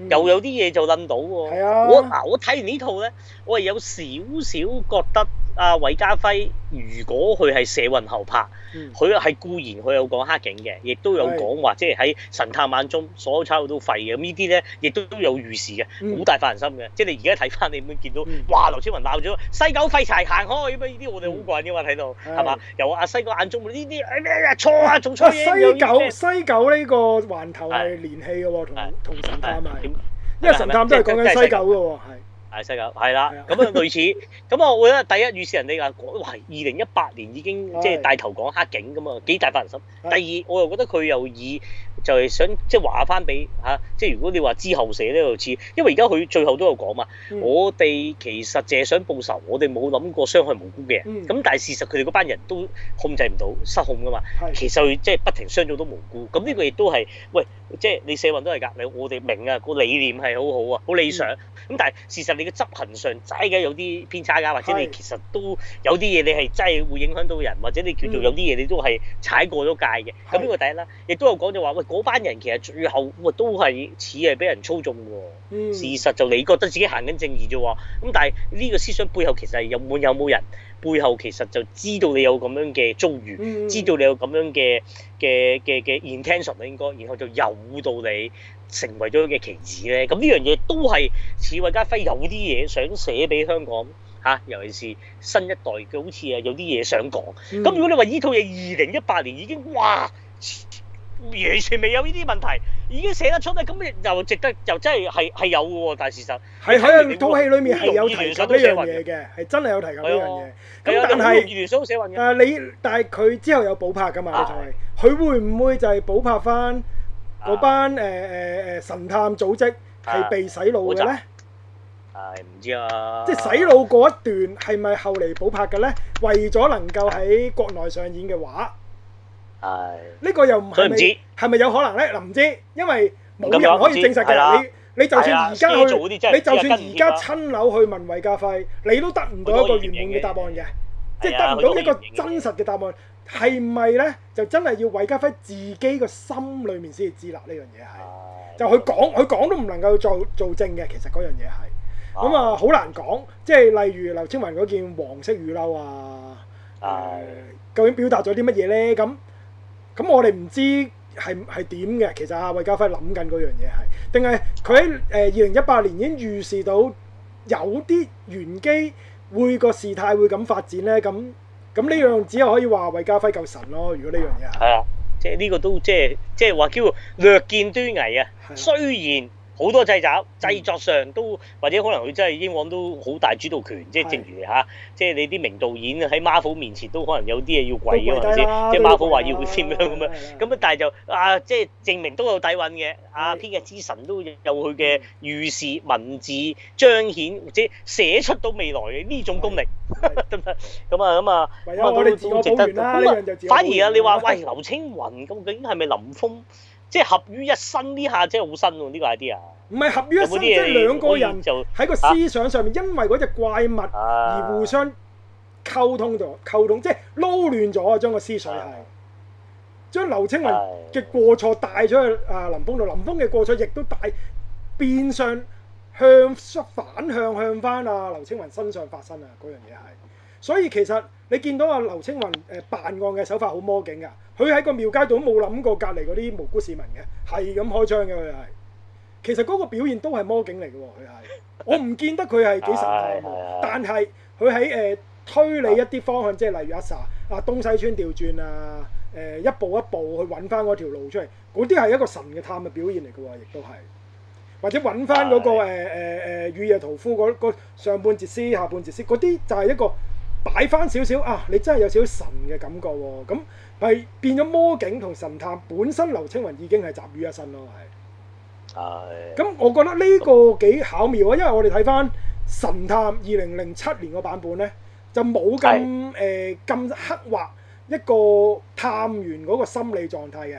又有啲嘢就諗到喎是、啊，我嗱我睇完呢套呢，我係有少少覺得啊，韋家輝。如果佢係社運後拍，佢係固然佢有講黑警嘅，亦都有講話，即係喺神探眼中所有差佬都廢嘅。咁呢啲咧，亦都都有預示嘅，好大發人深嘅。即係你而家睇翻，你會見到哇，劉青雲鬧咗西九廢柴行開，咁啊呢啲我哋好慣嘅嘛，睇到係嘛？嗯、由阿西個眼中呢啲，哎呀錯啊，做錯西九西九呢個環頭係連戲嘅喎，同同、啊、神探啊，因為神探都係講緊西九嘅喎，係西九係啦，咁樣是的 類似，咁我覺得第一預示人哋話，哇！二零一八年已經即係帶頭講黑警咁啊，幾大發人心。第二，我又覺得佢又以就係、是、想即係話翻俾嚇，即係、啊、如果你話之後寫呢又似，因為而家佢最後都有講嘛，嗯、我哋其實淨係想報仇，我哋冇諗過傷害無辜嘅人。咁、嗯、但係事實佢哋嗰班人都控制唔到，失控噶嘛。其實佢即係不停傷咗都無辜。咁呢個亦都係，喂，即係你社運都係㗎，你我哋明啊，個理念係好好啊，好理想。咁但係事實。你嘅執行上真係嘅有啲偏差㗎，或者你其實都有啲嘢你係真係會影響到人，或者你叫做有啲嘢你都係踩過咗界嘅。咁呢、嗯、個第一啦？亦都有講就話，喂嗰班人其實最後都係似係俾人操縱嘅喎。嗯、事實就你覺得自己行緊正義咋喎？咁但係呢個思想背後其實有冇有冇人背後其實就知道你有咁樣嘅遭遇，嗯、知道你有咁樣嘅嘅嘅嘅 intention 啊，應該，然後就由到你。成為咗嘅棋子咧，咁呢樣嘢都係似韋家輝有啲嘢想寫俾香港嚇，尤其是新一代，佢好似啊有啲嘢想講。咁如果你話依套嘢二零一八年已經，哇完全未有呢啲問題，已經寫得出咧，咁又值得，又真係係係有喎。但係事實係喺套戲裡面係有提及呢樣嘢嘅，係真係有提及呢樣嘢。咁但係聯手好寫運嘅。你但係佢之後有補拍㗎嘛？佢會唔會就係補拍翻？嗰班誒誒誒神探組織係被洗腦嘅咧，係唔知啊？即係洗腦嗰一段係咪後嚟補拍嘅咧？為咗能夠喺國內上演嘅話，係呢個又唔係唔知係咪有可能咧？嗱唔知，因為冇人可以證實嘅。你你就算而家去，你就算而家親樓去問韋家輝，你都得唔到一個圓滿嘅答案嘅，即係得唔到一個真實嘅答案。係咪咧？就真係要韋家輝自己個心裏面先至知。嗱呢樣嘢係，啊、就佢講佢講都唔能夠做做證嘅。其實嗰樣嘢係咁啊，好難講。即係例如劉青雲嗰件黃色雨褸啊，啊究竟表達咗啲乜嘢咧？咁咁我哋唔知係係點嘅。其實阿韋家輝諗緊嗰樣嘢係，定係佢喺誒二零一八年已經預示到有啲玄機會，會個事態會咁發展咧？咁咁呢樣只可以話韋家輝夠神咯，如果呢樣嘢係啊，即係呢個都即係話叫做略見端倪啊，的雖然。好多製造，製作上都或者可能佢真係英皇都好大主導權，即係正如嚇，即係你啲名導演喺 Marvel 面前都可能有啲嘢要跪嘅，係咪先？即係 Marvel 話要佢點樣咁樣，咁啊但係就啊，即係證明都有底蘊嘅。阿編劇之神都有佢嘅預示文字彰顯，或者寫出到未來嘅呢種功力，得唔得？咁啊咁啊，我啲字我補完反而啊，你話喂，劉青雲究竟係咪林峰？即係合於一身呢下，真係好新喎，呢個 idea。唔係合於一身，即係兩個人喺個思想上面，因為嗰隻怪物而互相溝通咗溝、啊、通即係撈亂咗，將個思想係將劉青雲嘅過錯帶咗去啊林峰度，啊、林峰嘅過錯亦都帶變相向反向向翻啊。劉青雲身上發生啊，嗰樣嘢係，所以其實。你見到阿劉青雲誒、呃、辦案嘅手法好魔警㗎，佢喺個廟街度都冇諗過隔離嗰啲無辜市民嘅，係咁開槍嘅佢係。其實嗰個表現都係魔警嚟嘅喎，佢係。我唔見得佢係幾神探， 但係佢喺誒推理一啲方向，即係例如阿剎啊東西村調轉啊，誒、呃、一步一步去揾翻嗰條路出嚟，嗰啲係一個神嘅探嘅表現嚟嘅喎，亦都係。或者揾翻嗰個誒誒雨夜屠夫嗰、嗰個上半截屍下半截屍，嗰啲就係一個。擺翻少少啊！你真係有少少神嘅感覺喎，咁咪變咗魔警同神探本身。劉青雲已經係集於一身咯，係。係。咁我覺得呢個幾巧妙啊，因為我哋睇翻《神探》二零零七年個版本呢，就冇咁誒咁刻畫一個探員嗰個心理狀態嘅，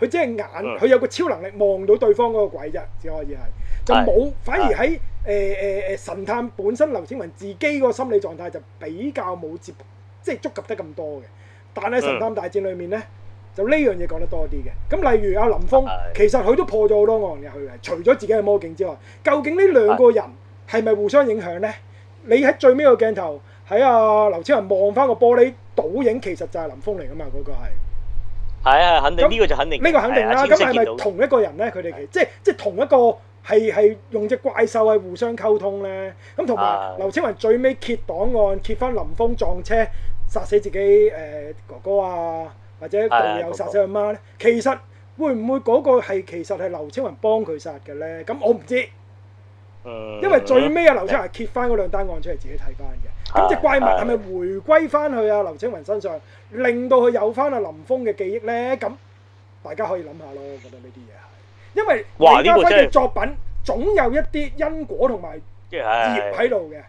佢只係眼佢有個超能力望到對方嗰個鬼啫，只可以係，就冇反而喺。誒誒誒，神探本身劉青雲自己個心理狀態就比較冇接即係觸及得咁多嘅，但喺神探大戰裏面咧，就呢樣嘢講得多啲嘅。咁例如阿林峯，其實佢都破咗好多案嘅。佢係，除咗自己嘅魔警之外，究竟呢兩個人係咪互相影響咧？你喺最尾個鏡頭，喺阿劉青雲望翻個玻璃倒影，其實就係林峯嚟噶嘛？嗰個係係啊，肯定呢個就肯定呢個肯定啦。咁係咪同一個人咧？佢哋其即即同一個？係係用隻怪獸係互相溝通咧，咁同埋劉青雲最尾揭檔案，揭翻林峯撞車殺死自己誒哥哥啊，或者道友殺死阿媽咧。其實會唔會嗰個係其實係劉青雲幫佢殺嘅咧？咁我唔知，因為最尾啊劉青雲係揭翻嗰兩單案出嚟自己睇翻嘅。咁隻怪物係咪回歸翻去啊劉青雲身上，令到佢有翻啊林峯嘅記憶咧？咁大家可以諗下咯，覺得呢啲嘢。因為韋家輝嘅作品總有一啲因果同埋業喺度嘅，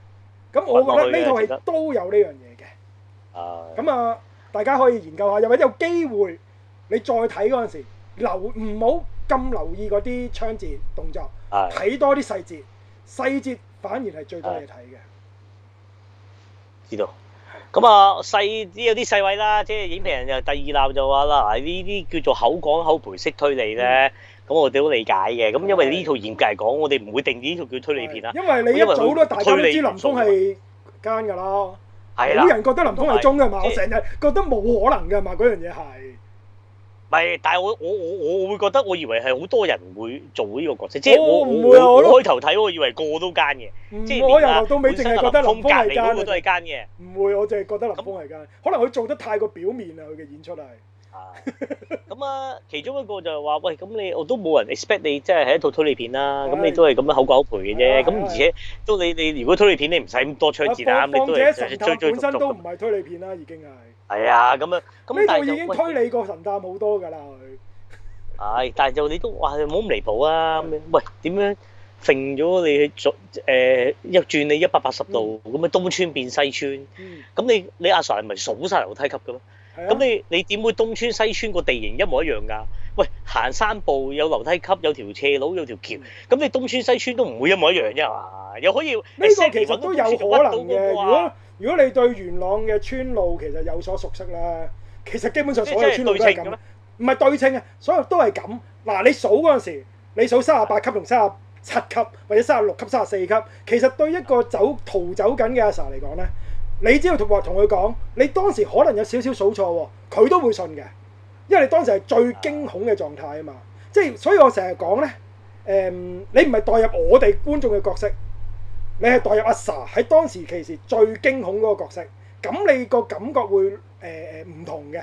咁我覺得呢套係都有呢樣嘢嘅。咁啊，大家可以研究下，又或者有機會你再睇嗰陣時，留唔好咁留意嗰啲槍戰動作，睇多啲細節，細節反而係最多嘢睇嘅。知道。咁啊，細啲有啲細位啦，即係影評人就第二鬧就話啦，呢啲叫做口講口賠式推理咧。我哋好理解嘅，咁因為呢套嚴格嚟講，我哋唔會定呢套叫推理片啦。因為你一早都大家知林峯係奸噶啦，啲人覺得林峯係忠噶嘛，我成日覺得冇可能噶嘛，嗰樣嘢係。唔但係我我我我會覺得，我以為係好多人會做呢個角色，即係我唔我開頭睇我以為個都奸嘅，即係面啦，到尾淨係覺得林峯係奸，都係奸嘅。唔會，我淨係覺得林峯係奸，可能佢做得太過表面啦，佢嘅演出係。咁啊，其中一個就係話：喂，咁你我都冇人 expect 你即係係一套推理片啦。咁你都係咁樣厚瓜厚皮嘅啫。咁而且都你你如果推理片，你唔使咁多槍戰啦。咁你都係追追追追都唔係推理片啦，已經係。係啊，咁樣。呢套已經推理過《神探》好多㗎啦，佢。唉，但係就你都話唔好咁離譜啊！喂，點樣揈咗你去做？誒，一轉你一百八十度，咁樣東村變西村。嗯。咁你你阿 Sir 係咪數曬樓梯級㗎咧？咁、啊、你你點會東村西村個地形一模一樣㗎？喂，行山步有樓梯級，有條斜路，有條橋。咁你東村西村都唔會一模一樣啫嘛？又可以，呢個其實都有可能嘅。如果如果你對元朗嘅村路其實有所熟悉咧，其實基本上所有村路都係咁，唔係對稱嘅，所有都係咁。嗱，你數嗰陣時，你數三十八級同三十七級，或者三十六級、三十四級，其實對一個走逃走緊嘅阿 Sir 嚟講咧。你只要同話同佢講，你當時可能有少少數錯喎，佢都會信嘅，因為你當時係最驚恐嘅狀態啊嘛，即係所以我成日講咧，誒、呃，你唔係代入我哋觀眾嘅角色，你係代入阿 Sa 喺當時其時最驚恐嗰個角色，咁你個感覺會誒誒唔同嘅，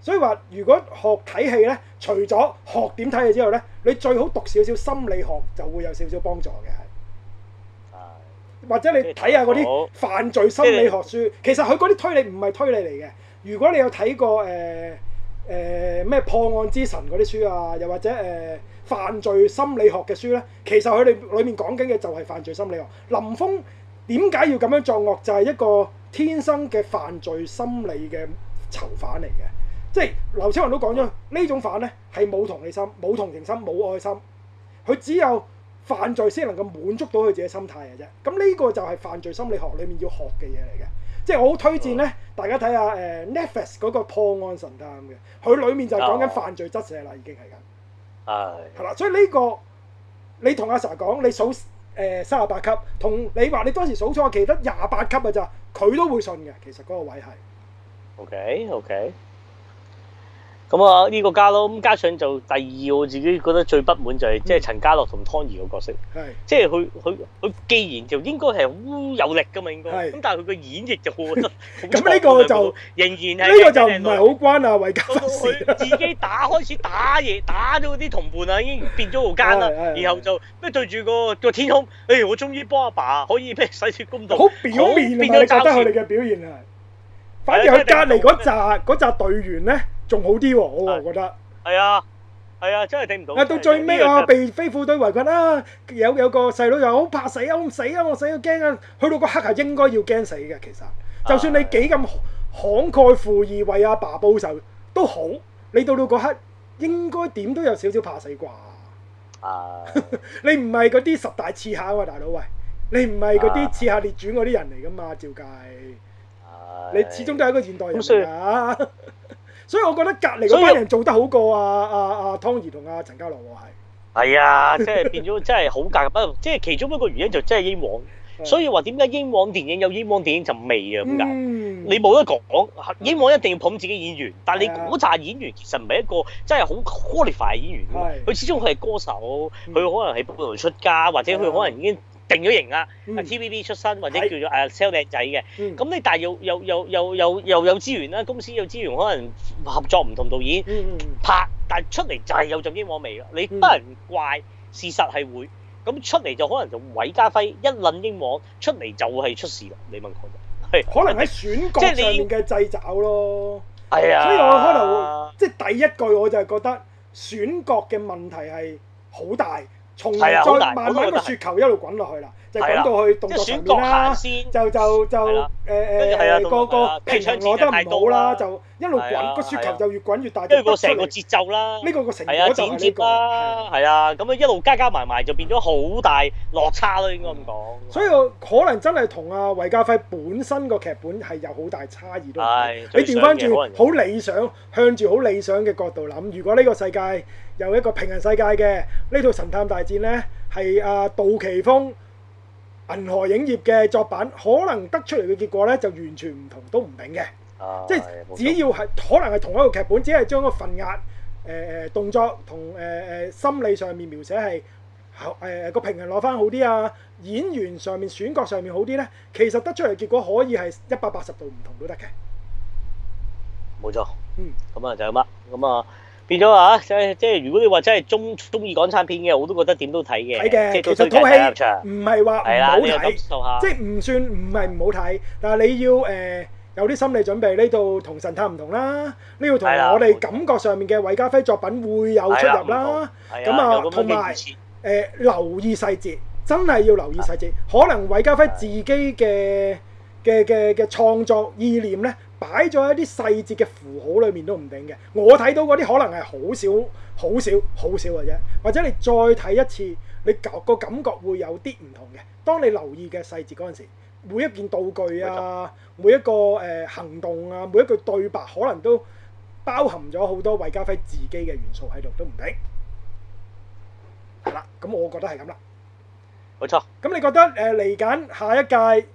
所以話如果學睇戲咧，除咗學點睇戲之外咧，你最好讀少少心理學就會有少少幫助嘅。或者你睇下嗰啲犯罪心理學書，其實佢嗰啲推理唔係推理嚟嘅。如果你有睇過誒誒咩破案之神嗰啲書啊，又或者誒、呃、犯罪心理學嘅書咧，其實佢哋裏面講緊嘅就係犯罪心理學。林峯點解要咁樣作惡？就係、是、一個天生嘅犯罪心理嘅囚犯嚟嘅。即係劉青雲都講咗，呢種犯咧係冇同理心、冇同情心、冇愛心，佢只有犯罪先能夠滿足到佢自己嘅心態嘅啫，咁呢個就係犯罪心理學裏面要學嘅嘢嚟嘅，即係我好推薦咧，哦、大家睇下誒、呃、Netflix 嗰個破案神探嘅，佢裏面就講緊犯罪側寫啦，哦、已經係咁，係、哎，係啦，所以呢、呢個你同阿 Sir 講你數誒三十八級，同你話你當時數錯我其得廿八級嘅咋，佢都會信嘅，其實嗰個位係，OK OK。咁啊，呢個家咯，咁加上就第二，我自己覺得最不滿就係即係陳家樂同湯兒個角色，即係佢佢佢既然就應該係好有力噶嘛，應該咁，但係佢個演繹就覺得咁呢個就仍然係呢個就唔係好關啊，維九到佢自己打開始打嘢，打咗啲同伴啊，已經變咗個奸啦，然後就咩對住個個天空，誒我終於幫阿爸可以咩洗雪公道，好表面啊，你覺得佢哋嘅表現啊。反而佢隔離嗰扎扎隊員咧，仲好啲喎，我覺得。係啊，係啊，真係頂唔到。啊，到最尾啊，被飛虎隊圍困啦！有有個細佬又好怕死啊，我唔死，我死，我死啊，我死要驚啊！啊去到個刻應該要驚死嘅，其實，就算你幾咁慷慨赴義為阿爸報仇都好，你到到嗰刻應該點都有少少怕死啩？啊！ 你唔係嗰啲十大刺客啊大佬喂，你唔係嗰啲刺客列傳嗰啲人嚟噶嘛，照計。你始終都係一個現代人所以啊，所以我覺得隔離嗰班人做得好過啊啊啊湯怡同阿陳家樂喎。係，係以啊，即、啊、係、啊哎就是、變咗，即係好隔離。即係 其中一個原因就真係英皇，的所以話點解英皇電影有英皇電影就未啊？咁解、嗯，你冇得講。英皇一定要捧自己演員，但係你嗰紮演員其實唔係一個真係好 qualify 嘅演員，佢始終佢係歌手，佢的可能喺舞台出家，或者佢可能已經。定咗型啦，T.V.B. 出身或者叫做誒 sell 叻仔嘅，咁你是、嗯、但又又又又又又有資源啦，公司有資源可能合作唔同導演、嗯、拍，但係出嚟就係有種英皇味咯，你不能怪、嗯、事實係會，咁出嚟就可能就韋家輝一論英皇出嚟就係出事啦，你問我啫，可能喺選角上面嘅掣肘咯，係啊、哎呀，所以我開頭即係第一句我就係覺得選角嘅問題係好大。從再慢慢嘅雪球一路滾落去啦。就滾到去動作層面啦，就就就誒誒個個平衡攞得唔到啦，就一路滾個雪球就越滾越大，跟住個成個節奏啦。呢個個成果個剪接啦，係啊，咁樣一路加加埋埋就變咗好大落差咯，應該咁講。所以可能真係同阿韋家輝本身個劇本係有好大差異咯。你調翻轉好理想，向住好理想嘅角度諗，如果呢個世界有一個平行世界嘅呢套《神探大戰》咧，係阿杜琪峰，銀河影業嘅作品，可能得出嚟嘅結果咧，就完全唔同，都唔定嘅。即係只要係可能係同一個劇本，只係將個份額、誒、呃、誒動作同誒誒心理上面描寫係好誒個平衡攞翻好啲啊，演員上面選角上面好啲咧，其實得出嚟結果可以係一百八十度唔同都得嘅。冇錯，嗯，咁、就係、啊就咁啦，咁啊。變咗啊！即即如果你話真係中中意港產片嘅，我都覺得點都睇嘅。睇嘅，其實套戲唔係話唔好睇。係即唔算唔係唔好睇，但係你要誒有啲心理準備。呢度同神探唔同啦，你要同我哋感覺上面嘅韋家輝作品會有出入啦。咁啊，同埋誒留意細節，真係要留意細節。可能韋家輝自己嘅。嘅嘅嘅創作意念咧，擺咗一啲細節嘅符號裏面都唔定嘅。我睇到嗰啲可能係好少、好少、好少嘅啫。或者你再睇一次，你個感覺會有啲唔同嘅。當你留意嘅細節嗰陣時，每一件道具啊，每一個誒、呃、行動啊，每一句對白，可能都包含咗好多韋家輝自己嘅元素喺度，都唔定。係啦，咁我覺得係咁啦。冇錯。咁你覺得誒嚟緊下一屆？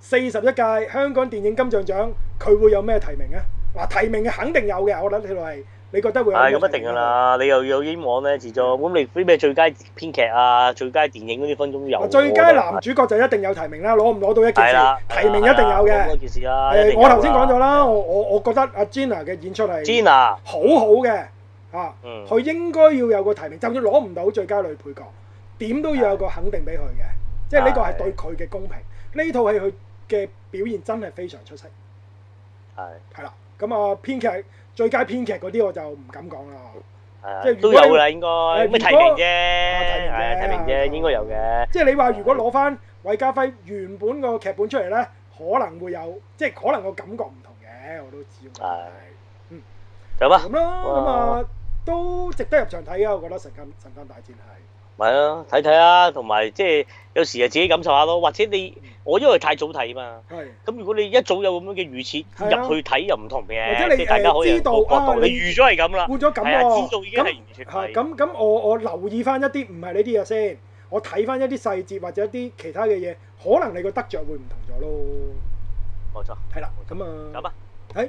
四十一屆香港電影金像獎佢會有咩提名啊？嗱，提名嘅肯定有嘅，我諗起嚟，係你覺得會有咩？係咁一定噶啦？你又有英皇咧，製作，咁你嗰啲咩最佳編劇啊、最佳電影嗰啲分鐘都有。最佳男主角就一定有提名啦，攞唔攞到一件事，提名一定有嘅。呢件事啦，我頭先講咗啦，我我我覺得阿 Jenna 嘅演出係 Jenna 好好嘅，吓，佢應該要有個提名，就算攞唔到最佳女配角，點都要有個肯定俾佢嘅，即係呢個係對佢嘅公平。呢套戲佢。嘅表現真係非常出色，係係啦。咁啊，編劇最佳編劇嗰啲我就唔敢講啦。係啊，都有啦，應該。咩提名啫？係提名啫，應該有嘅。即係你話如果攞翻韋家輝原本個劇本出嚟咧，可能會有，即係可能個感覺唔同嘅，我都知。係嗯，走吧。咁咯，咁啊，都值得入場睇啊！我覺得《神探神探大戰》係。係啊，睇睇啊，同埋即係有時就自己感受下咯，或者你。我因為太早睇嘛，咁如果你一早有咁樣嘅預設入去睇又唔同嘅，或者你大家可以個角度，你預咗係咁啦，係啊，知道已經係完全係咁咁，我我留意翻一啲唔係呢啲嘢先，我睇翻一啲細節或者一啲其他嘅嘢，可能你個得着會唔同咗咯。冇錯，係啦，咁啊，走啊，係。